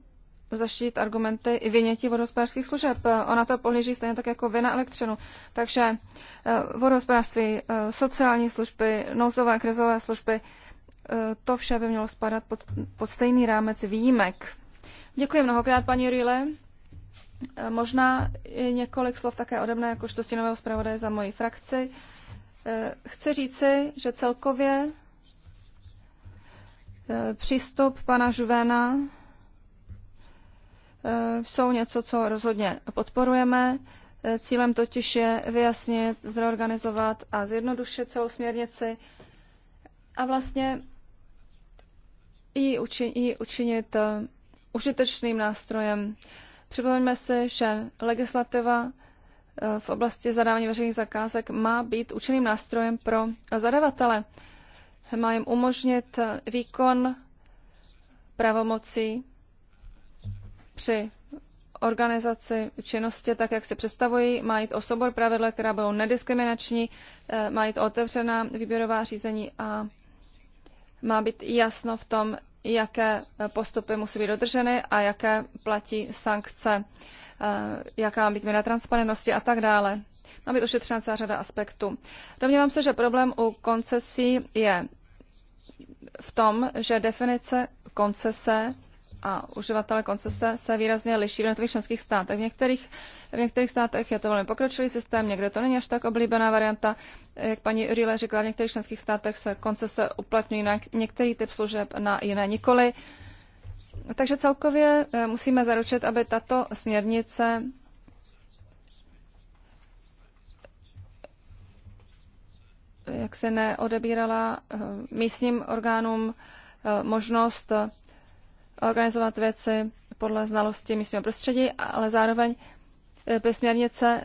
zašít argumenty i vynětí vodohospodářských služeb. Ona to pohlíží stejně tak jako vy na elektřinu. Takže vodohospodářství, sociální služby, nouzové krizové služby, Eh, to vše by mělo spadat pod, pod stejný rámec výjimek. Děkuji mnohokrát, paní Rile. Eh, možná několik slov také ode mne, jakožto stěnového zpravodaje za moji frakci. Eh, chci říci, že celkově přístup pana Žuvena jsou něco, co rozhodně podporujeme. Cílem totiž je vyjasnit, zreorganizovat a zjednodušit celou směrnici. A vlastně i učinit, i eh, učinit užitečným nástrojem. Připomeňme si, že legislativa eh, v oblasti zadávání veřejných zakázek má být účinným nástrojem pro zadavatele. Má jim umožnit eh, výkon pravomocí při organizaci činnosti tak, jak si představují, má jít o sobor pravidla, která budou nediskriminační, má jít otevřená výběrová řízení a má být jasno v tom, jaké postupy musí být dodrženy a jaké platí sankce, eh, jaká má být míra transparentnosti a tak dále. Má být ošetřena celá řada aspektů. Domnívám se, že problém u koncesí je v tom, že definice koncese a uživatelé koncese se výrazně liší v jednotlivých členských státech. V některých, v některých státech je to velmi pokročilý systém, někde to není až tak oblíbená varianta. Jak paní Ríle řekla, v některých členských státech se koncese uplatňují na některý typ služeb, na jiné nikoli. Takže celkově eh, musíme zaručit, aby tato směrnice eh, jak se neodebírala eh, místním orgánům možnost organizovat věci podle znalosti místního prostředí, ale zároveň eh, by směrnice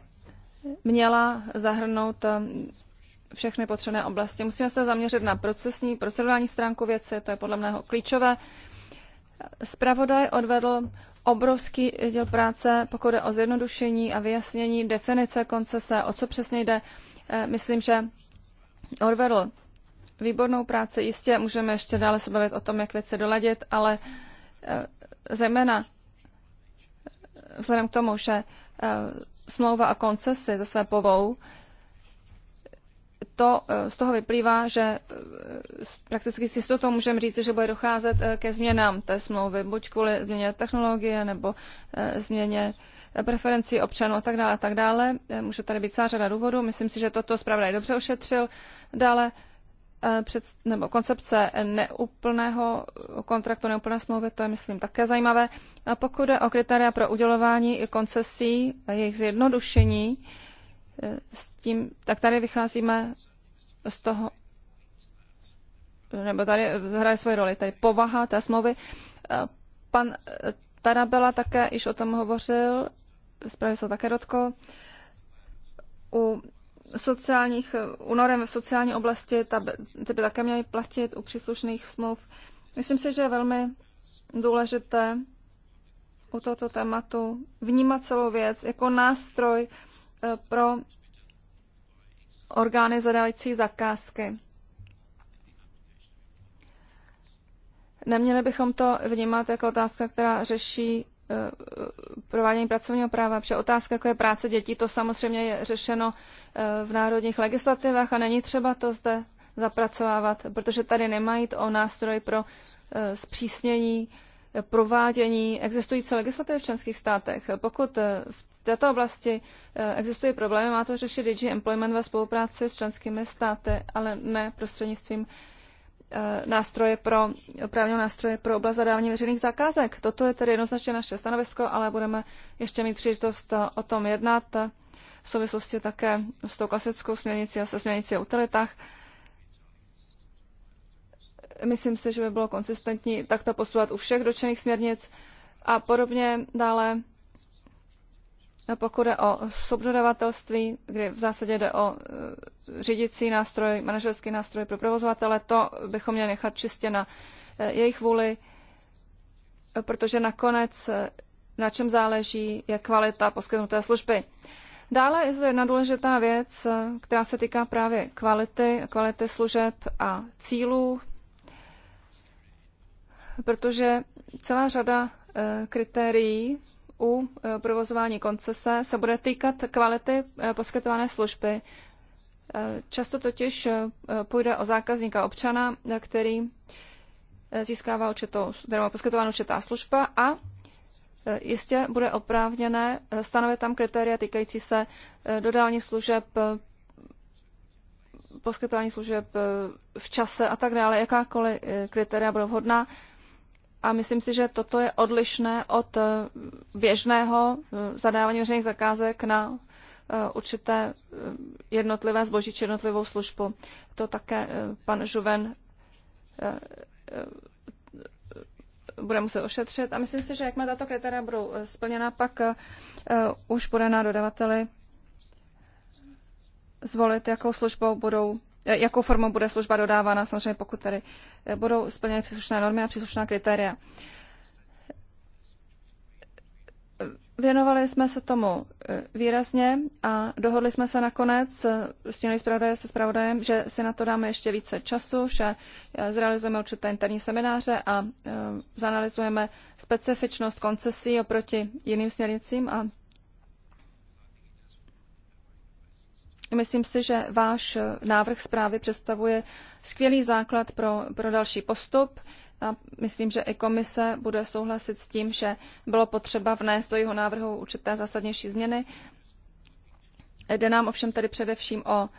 měla zahrnout eh, všechny potřebné oblasti. Musíme se zaměřit na procesní, procedurální stránku věci, to je podle mého klíčové. Spravodaj odvedl obrovský díl práce, pokud je o zjednodušení a vyjasnění definice koncese, o co přesně jde. Eh, myslím, že odvedl výbornou práci. Jistě můžeme ještě dále se bavit o tom, jak věci doladit, ale Eh, zejména eh, vzhledem k tomu, že eh, smlouva a koncesy ze své povou, to z toho vyplývá, že prakticky s jistotou můžeme říct, že bude docházet ke změnám té smlouvy, buď kvůli změně technologie nebo změně preferencí občanů a tak dále, a tak dále. Může tady být celá řada důvodů. Myslím si, že toto zpravodaj dobře ošetřil. Dále Eh, před, nebo koncepce neúplného kontraktu, neúplné smlouvy, to je, myslím, také zajímavé. A pokud jde o kritéria pro udělování koncesí a jejich zjednodušení, eh, s tím, tak tady vycházíme z toho, nebo tady hraje svoji roli, tady povaha té smlouvy. Eh, pan Tarabela také již o tom hovořil, zprávě se také dotkl. U sociálních, unorem eh, v sociální oblasti, ta, ty by také měly platit u příslušných smluv. Myslím si, že je velmi důležité u tohoto tématu vnímat celou věc jako nástroj eh, pro orgány zadávající zakázky. Neměli bychom to vnímat jako otázka, která řeší provádění pracovního práva, protože otázka, jako je práce dětí, to samozřejmě je řešeno eh, v národních legislativách a není třeba to zde zapracovávat, protože tady nemají o nástroj pro eh, zpřísnění eh, provádění existující legislativy v členských státech. Pokud v této oblasti existují problémy, má to řešit DG Employment ve spolupráci s členskými státy, ale ne prostřednictvím Eh, nástroje pro, právního nástroje pro oblast zadávání veřejných zakázek. Toto je tedy jednoznačně naše stanovisko, ale budeme ještě mít příležitost eh, o tom jednat eh, v souvislosti také s tou klasickou směrnicí a se směrnicí o utilitách. Myslím si, že by bylo konsistentní takto posouvat u všech dočených směrnic a podobně dále pokud jde o subdodavatelství, kdy v zásadě jde o e, řídící nástroj, manažerský nástroj pro provozovatele, to bychom měli nechat čistě na e, jejich vůli, protože nakonec e, na čem záleží je kvalita poskytnuté služby. Dále je zde jedna důležitá věc, která se týká právě kvality, kvality služeb a cílů, protože celá řada kritérií u eh, provozování koncese se bude týkat kvality eh, poskytované služby. Eh, často totiž půjde o zákazníka občana, který získává určitou, kterému poskytovanou určitá služba a jistě bude oprávněné stanovit tam kritéria týkající se dodání služeb, poskytování služeb v čase a tak dále. Jakákoliv kritéria budou vhodná a myslím si, že toto je odlišné od eh, běžného eh, zadávání veřejných zakázek na eh, určité jednotlivé zboží či jednotlivou službu. To také pan Žuven bude muset ošetřit. A myslím si, že jakmile tato kritéria budou splněna, pak už bude na dodavateli zvolit, jakou službou budou E, jakou formou bude služba dodávána, samozřejmě pokud tady e, budou splněny příslušné normy a příslušná kritéria. E, věnovali jsme se tomu výrazně a dohodli jsme se nakonec s tím zpravodajem se zpravodajem, že si na to dáme ještě více času, že zrealizujeme určité interní semináře a zanalizujeme specifičnost koncesí oproti jiným směrnicím a Myslím si, že váš návrh zprávy představuje skvělý základ pro, pro další postup. A myslím, že i komise bude souhlasit s tím, že bylo potřeba vnést do jeho návrhu určité zásadnější změny. Jde nám ovšem tedy především o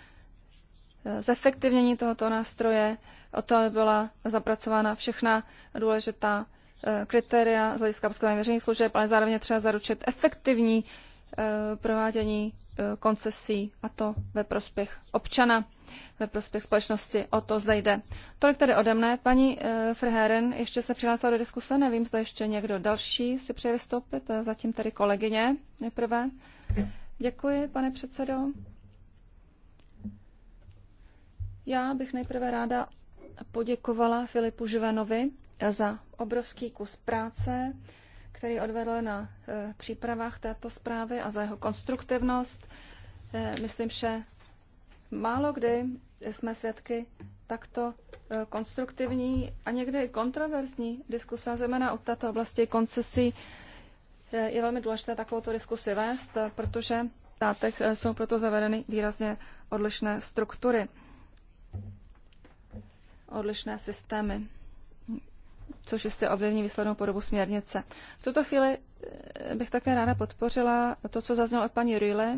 e, zefektivnění tohoto nástroje, o to byla zapracována všechna důležitá e, kritéria z hlediska poskytování veřejných služeb, ale zároveň třeba zaručit efektivní e, provádění Eh, koncesí a to ve prospěch občana, ve prospěch společnosti. O to zde jde. Tolik tedy ode mne. Paní Frheren eh, ještě se přihlásila do diskuse. Nevím, zda ještě někdo další si přeje vystoupit. Eh, zatím tedy kolegyně nejprve. Děkuji, pane předsedo. Já bych nejprve ráda poděkovala Filipu Žvenovi za obrovský kus práce, který odvedl na eh, přípravách této zprávy a za jeho konstruktivnost. Eh, myslím, že málo kdy jsme svědky takto eh, konstruktivní a někdy i kontroverzní diskuse, zejména o této oblasti koncesí, je velmi důležité takovouto diskusi vést, protože v státech jsou proto zavedeny výrazně odlišné struktury, odlišné systémy což jistě ovlivní výslednou podobu směrnice. V tuto chvíli eh, bych také ráda podpořila to, co zaznělo od paní Rühle.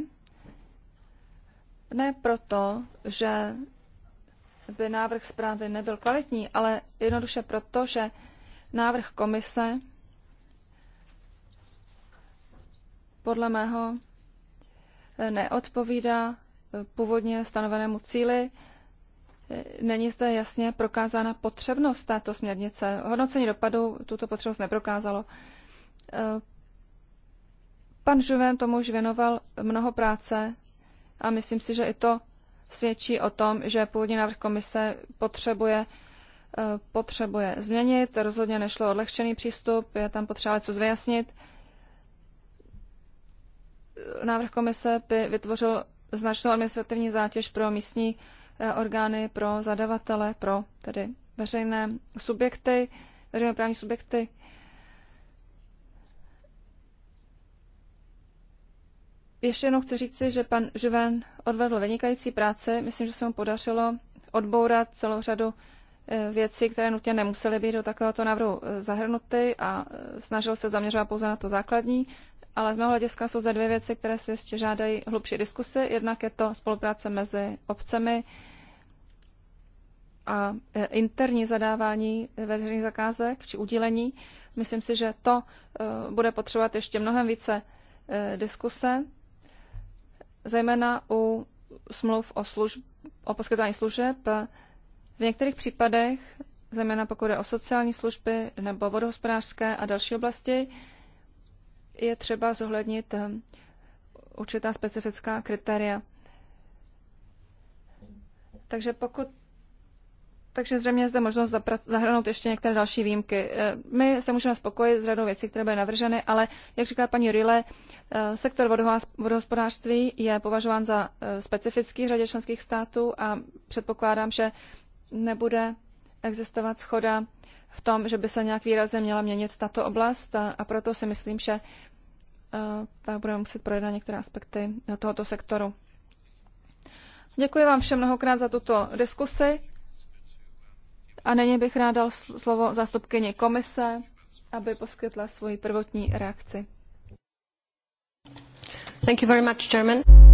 Ne proto, že by návrh zprávy nebyl kvalitní, ale jednoduše proto, že návrh komise podle mého neodpovídá původně stanovenému cíli Není zde jasně prokázána potřebnost této směrnice. Hodnocení dopadu tuto potřebnost neprokázalo. Eh, pan Žuven tomu už věnoval mnoho práce a myslím si, že i to svědčí o tom, že původní návrh komise potřebuje, eh, potřebuje změnit. Rozhodně nešlo odlehčený přístup, je tam potřeba něco zvyjasnit. Eh, návrh komise by vytvořil značnou administrativní zátěž pro místní Eh, orgány, pro zadavatele, pro tedy veřejné subjekty, veřejné právní subjekty. Ještě jenom chci říci, že pan Žuven odvedl vynikající práci. Myslím, že se mu podařilo odbourat celou řadu eh, věcí, které nutně nemusely být do takovéhoto návrhu eh, zahrnuty a snažil se zaměřovat pouze na to základní ale z mého hlediska jsou zde dvě věci, které si ještě žádají hlubší diskusy. Jednak je to spolupráce mezi obcemi a e, interní zadávání veřejných zakázek či udílení. Myslím si, že to e, bude potřebovat ještě mnohem více e, diskuse, zejména u smluv o, služb, o poskytování služeb. V některých případech, zejména pokud je o sociální služby nebo vodohospodářské a další oblasti, je třeba zohlednit eh, určitá specifická kritéria. Takže pokud takže zřejmě je zde možnost zahrnout ještě některé další výjimky. Eh, my se můžeme spokojit s řadou věcí, které byly navrženy, ale jak říká paní Rile, eh, sektor vodohospodářství je považován za specifický v řadě členských států a předpokládám, že nebude existovat schoda v tom, že by se nějak výrazně měla měnit tato oblast a, a proto si myslím, že uh, budeme muset projednat některé aspekty tohoto sektoru. Děkuji vám všem mnohokrát za tuto diskusi a nyní bych rád dal slovo zástupkyni komise, aby poskytla svoji prvotní reakci. Thank you very much, Chairman.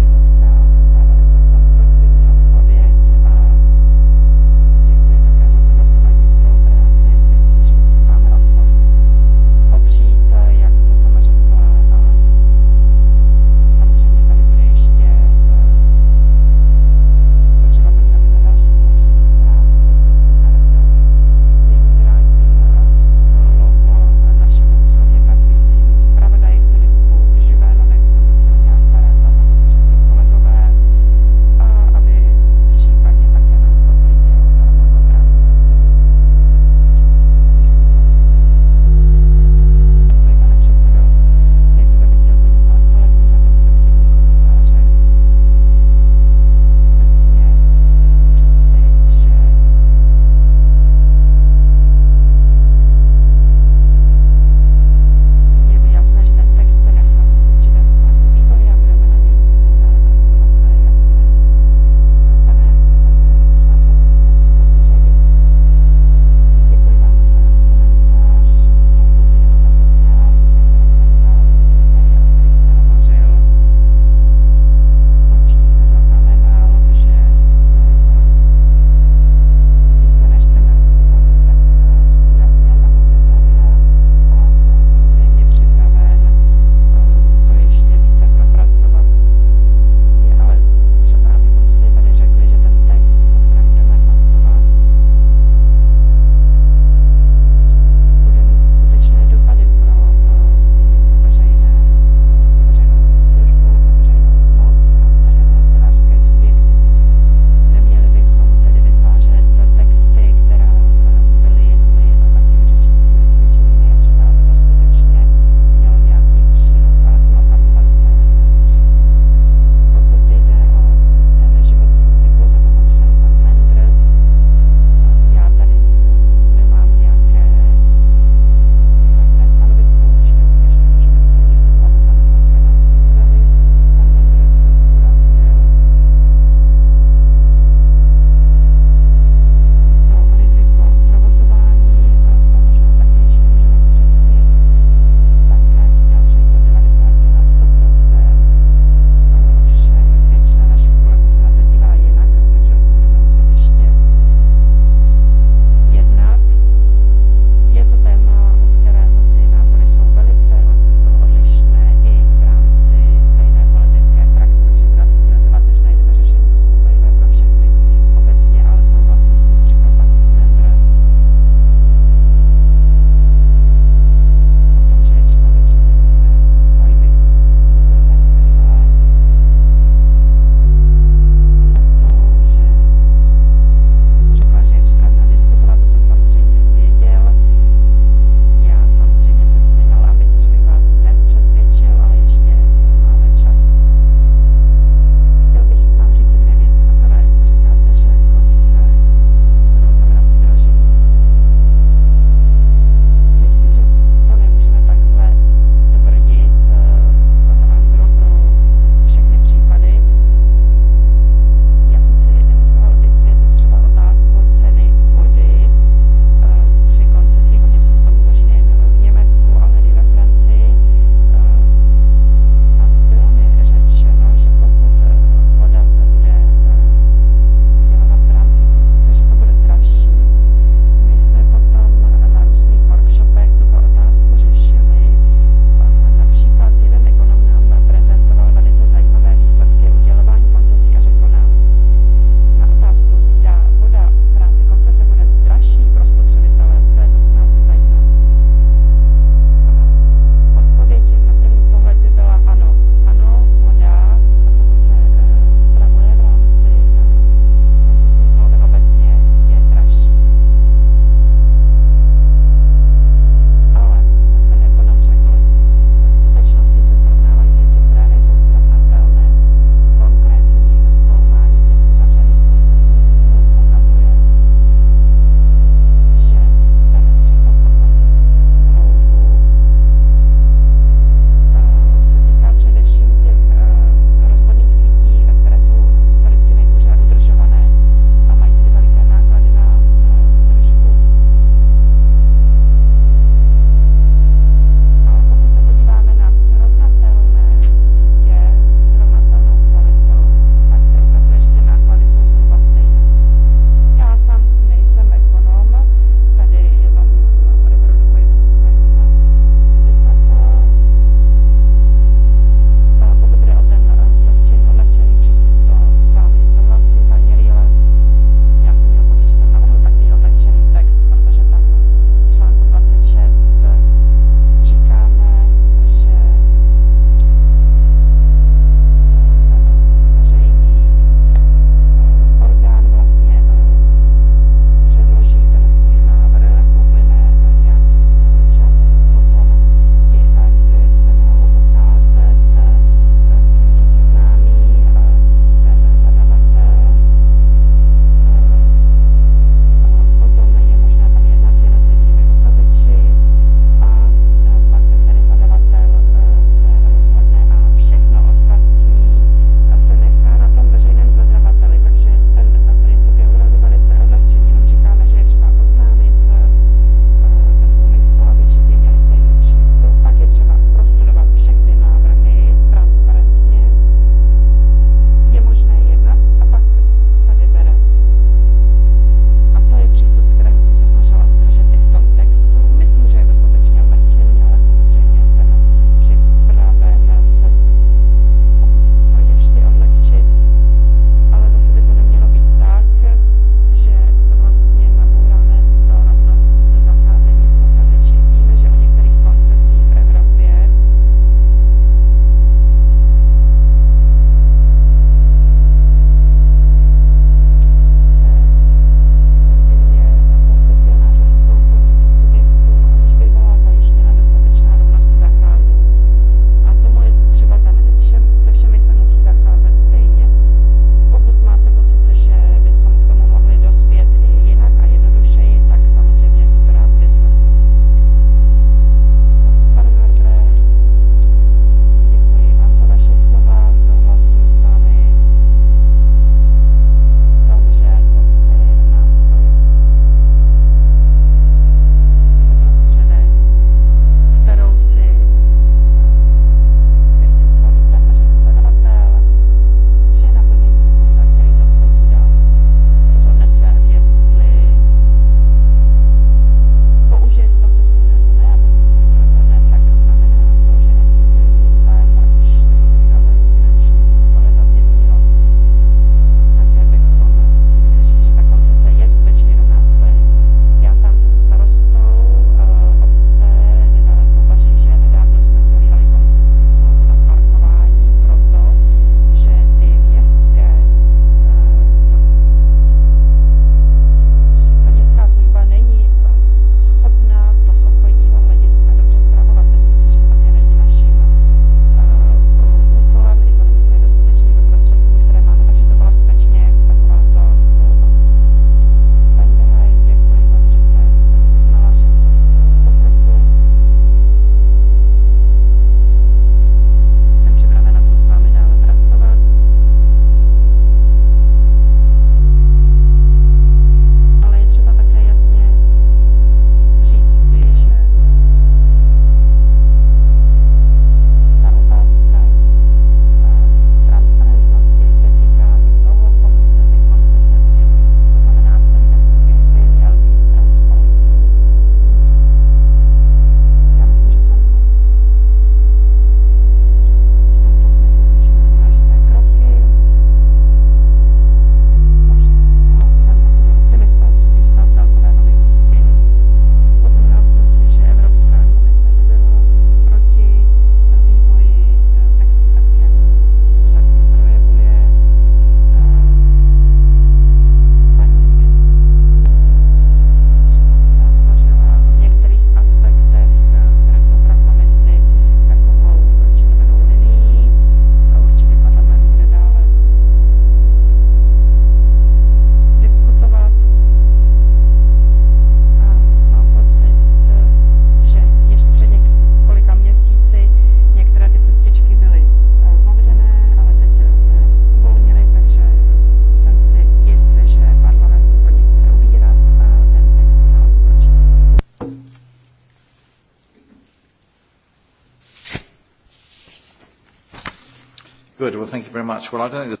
Good, well, thank you very much. Well, I don't think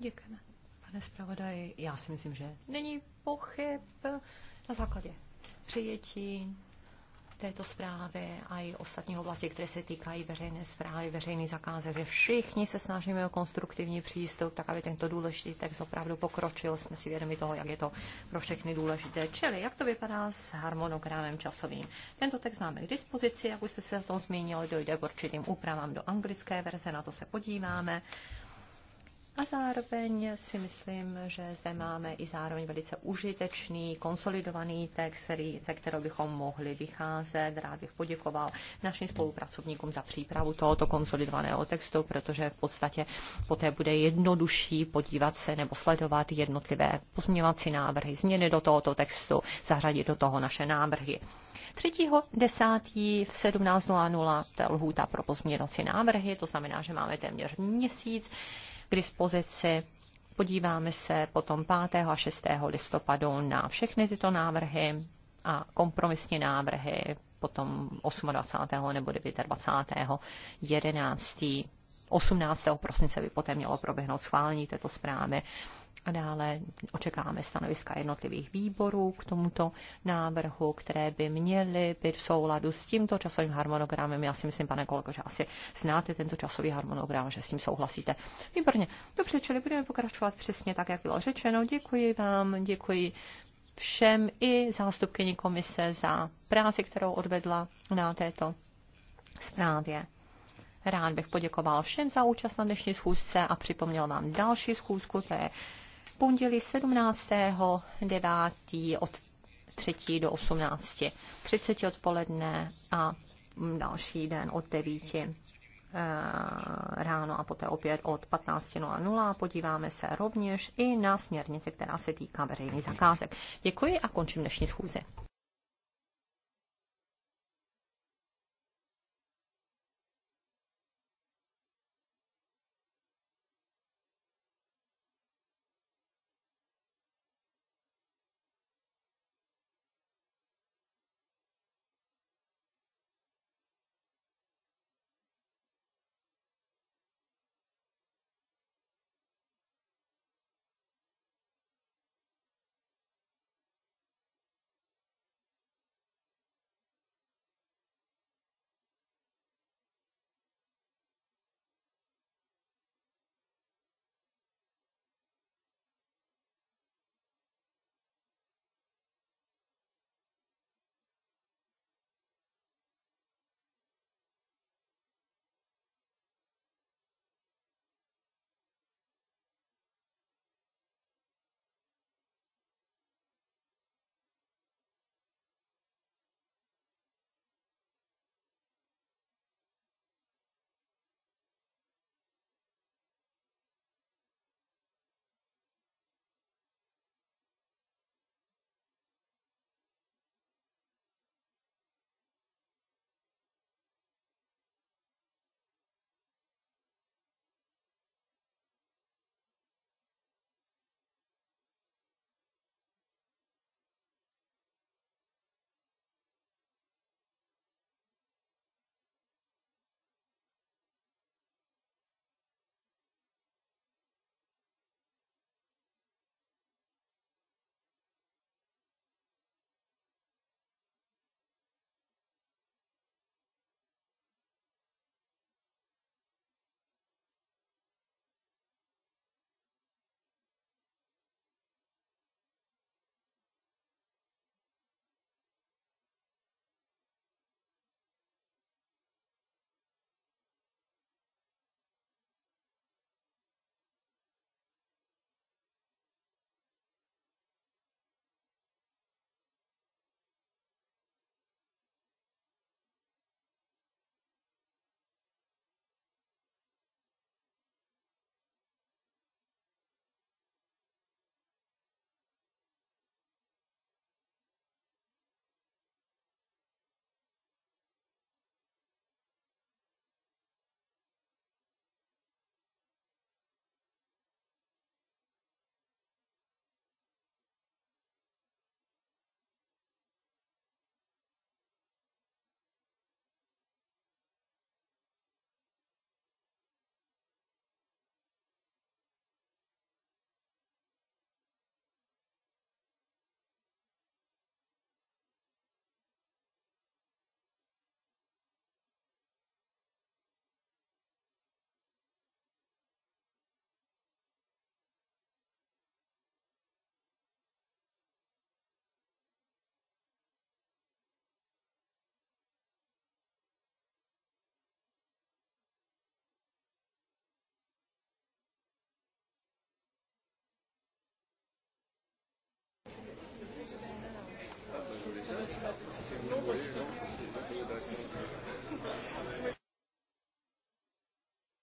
Děkujeme. Pane zpravodaji, já si myslím, že není pochyb na základě přijetí této zprávy a i ostatních oblastí, které se týkají veřejné zprávy, veřejný zakázek, že všichni se snažíme o konstruktivní přístup, tak aby tento důležitý text opravdu pokročil. Jsme si vědomi toho, jak je to pro všechny důležité. Čili jak to vypadá s harmonogramem časovým. Tento text máme k dispozici, jak už jste se o tom zmínil, dojde k určitým úpravám do anglické verze, na to se podíváme. A zároveň si myslím, že zde máme i zároveň velice užitečný, konsolidovaný text, který, ze kterého bychom mohli vycházet. Rád bych poděkoval našim spolupracovníkům za přípravu tohoto konsolidovaného textu, protože v podstatě poté bude jednodušší podívat se nebo sledovat jednotlivé pozměňovací návrhy, změny do tohoto textu, zahradit do toho naše návrhy. 3.10. v 17.00 to je lhůta pro pozměňovací návrhy, to znamená, že máme téměř měsíc k dispozici. Podíváme se potom 5. a 6. listopadu na všechny tyto návrhy a kompromisní návrhy potom 28. nebo 29. 11. 18. prosince by poté mělo proběhnout schválení této zprávy a dále očekáváme stanoviska jednotlivých výborů k tomuto návrhu, které by měly být v souladu s tímto časovým harmonogramem. Já si myslím, pane kolego, že asi znáte tento časový harmonogram, že s tím souhlasíte. Výborně. Dobře, čili budeme pokračovat přesně tak, jak bylo řečeno. Děkuji vám, děkuji všem i zástupkyni komise za práci, kterou odvedla na této zprávě. Rád bych poděkoval všem za účast na dnešní schůzce a připomněl vám další schůzku, to je pondělí 17. 9. od 3. do 18. 30 odpoledne a další den od 9 eh, ráno a poté opět od 15.00. Podíváme se rovněž i na směrnice, která se týká veřejných zakázek. Děkuji a končím dnešní schůzi.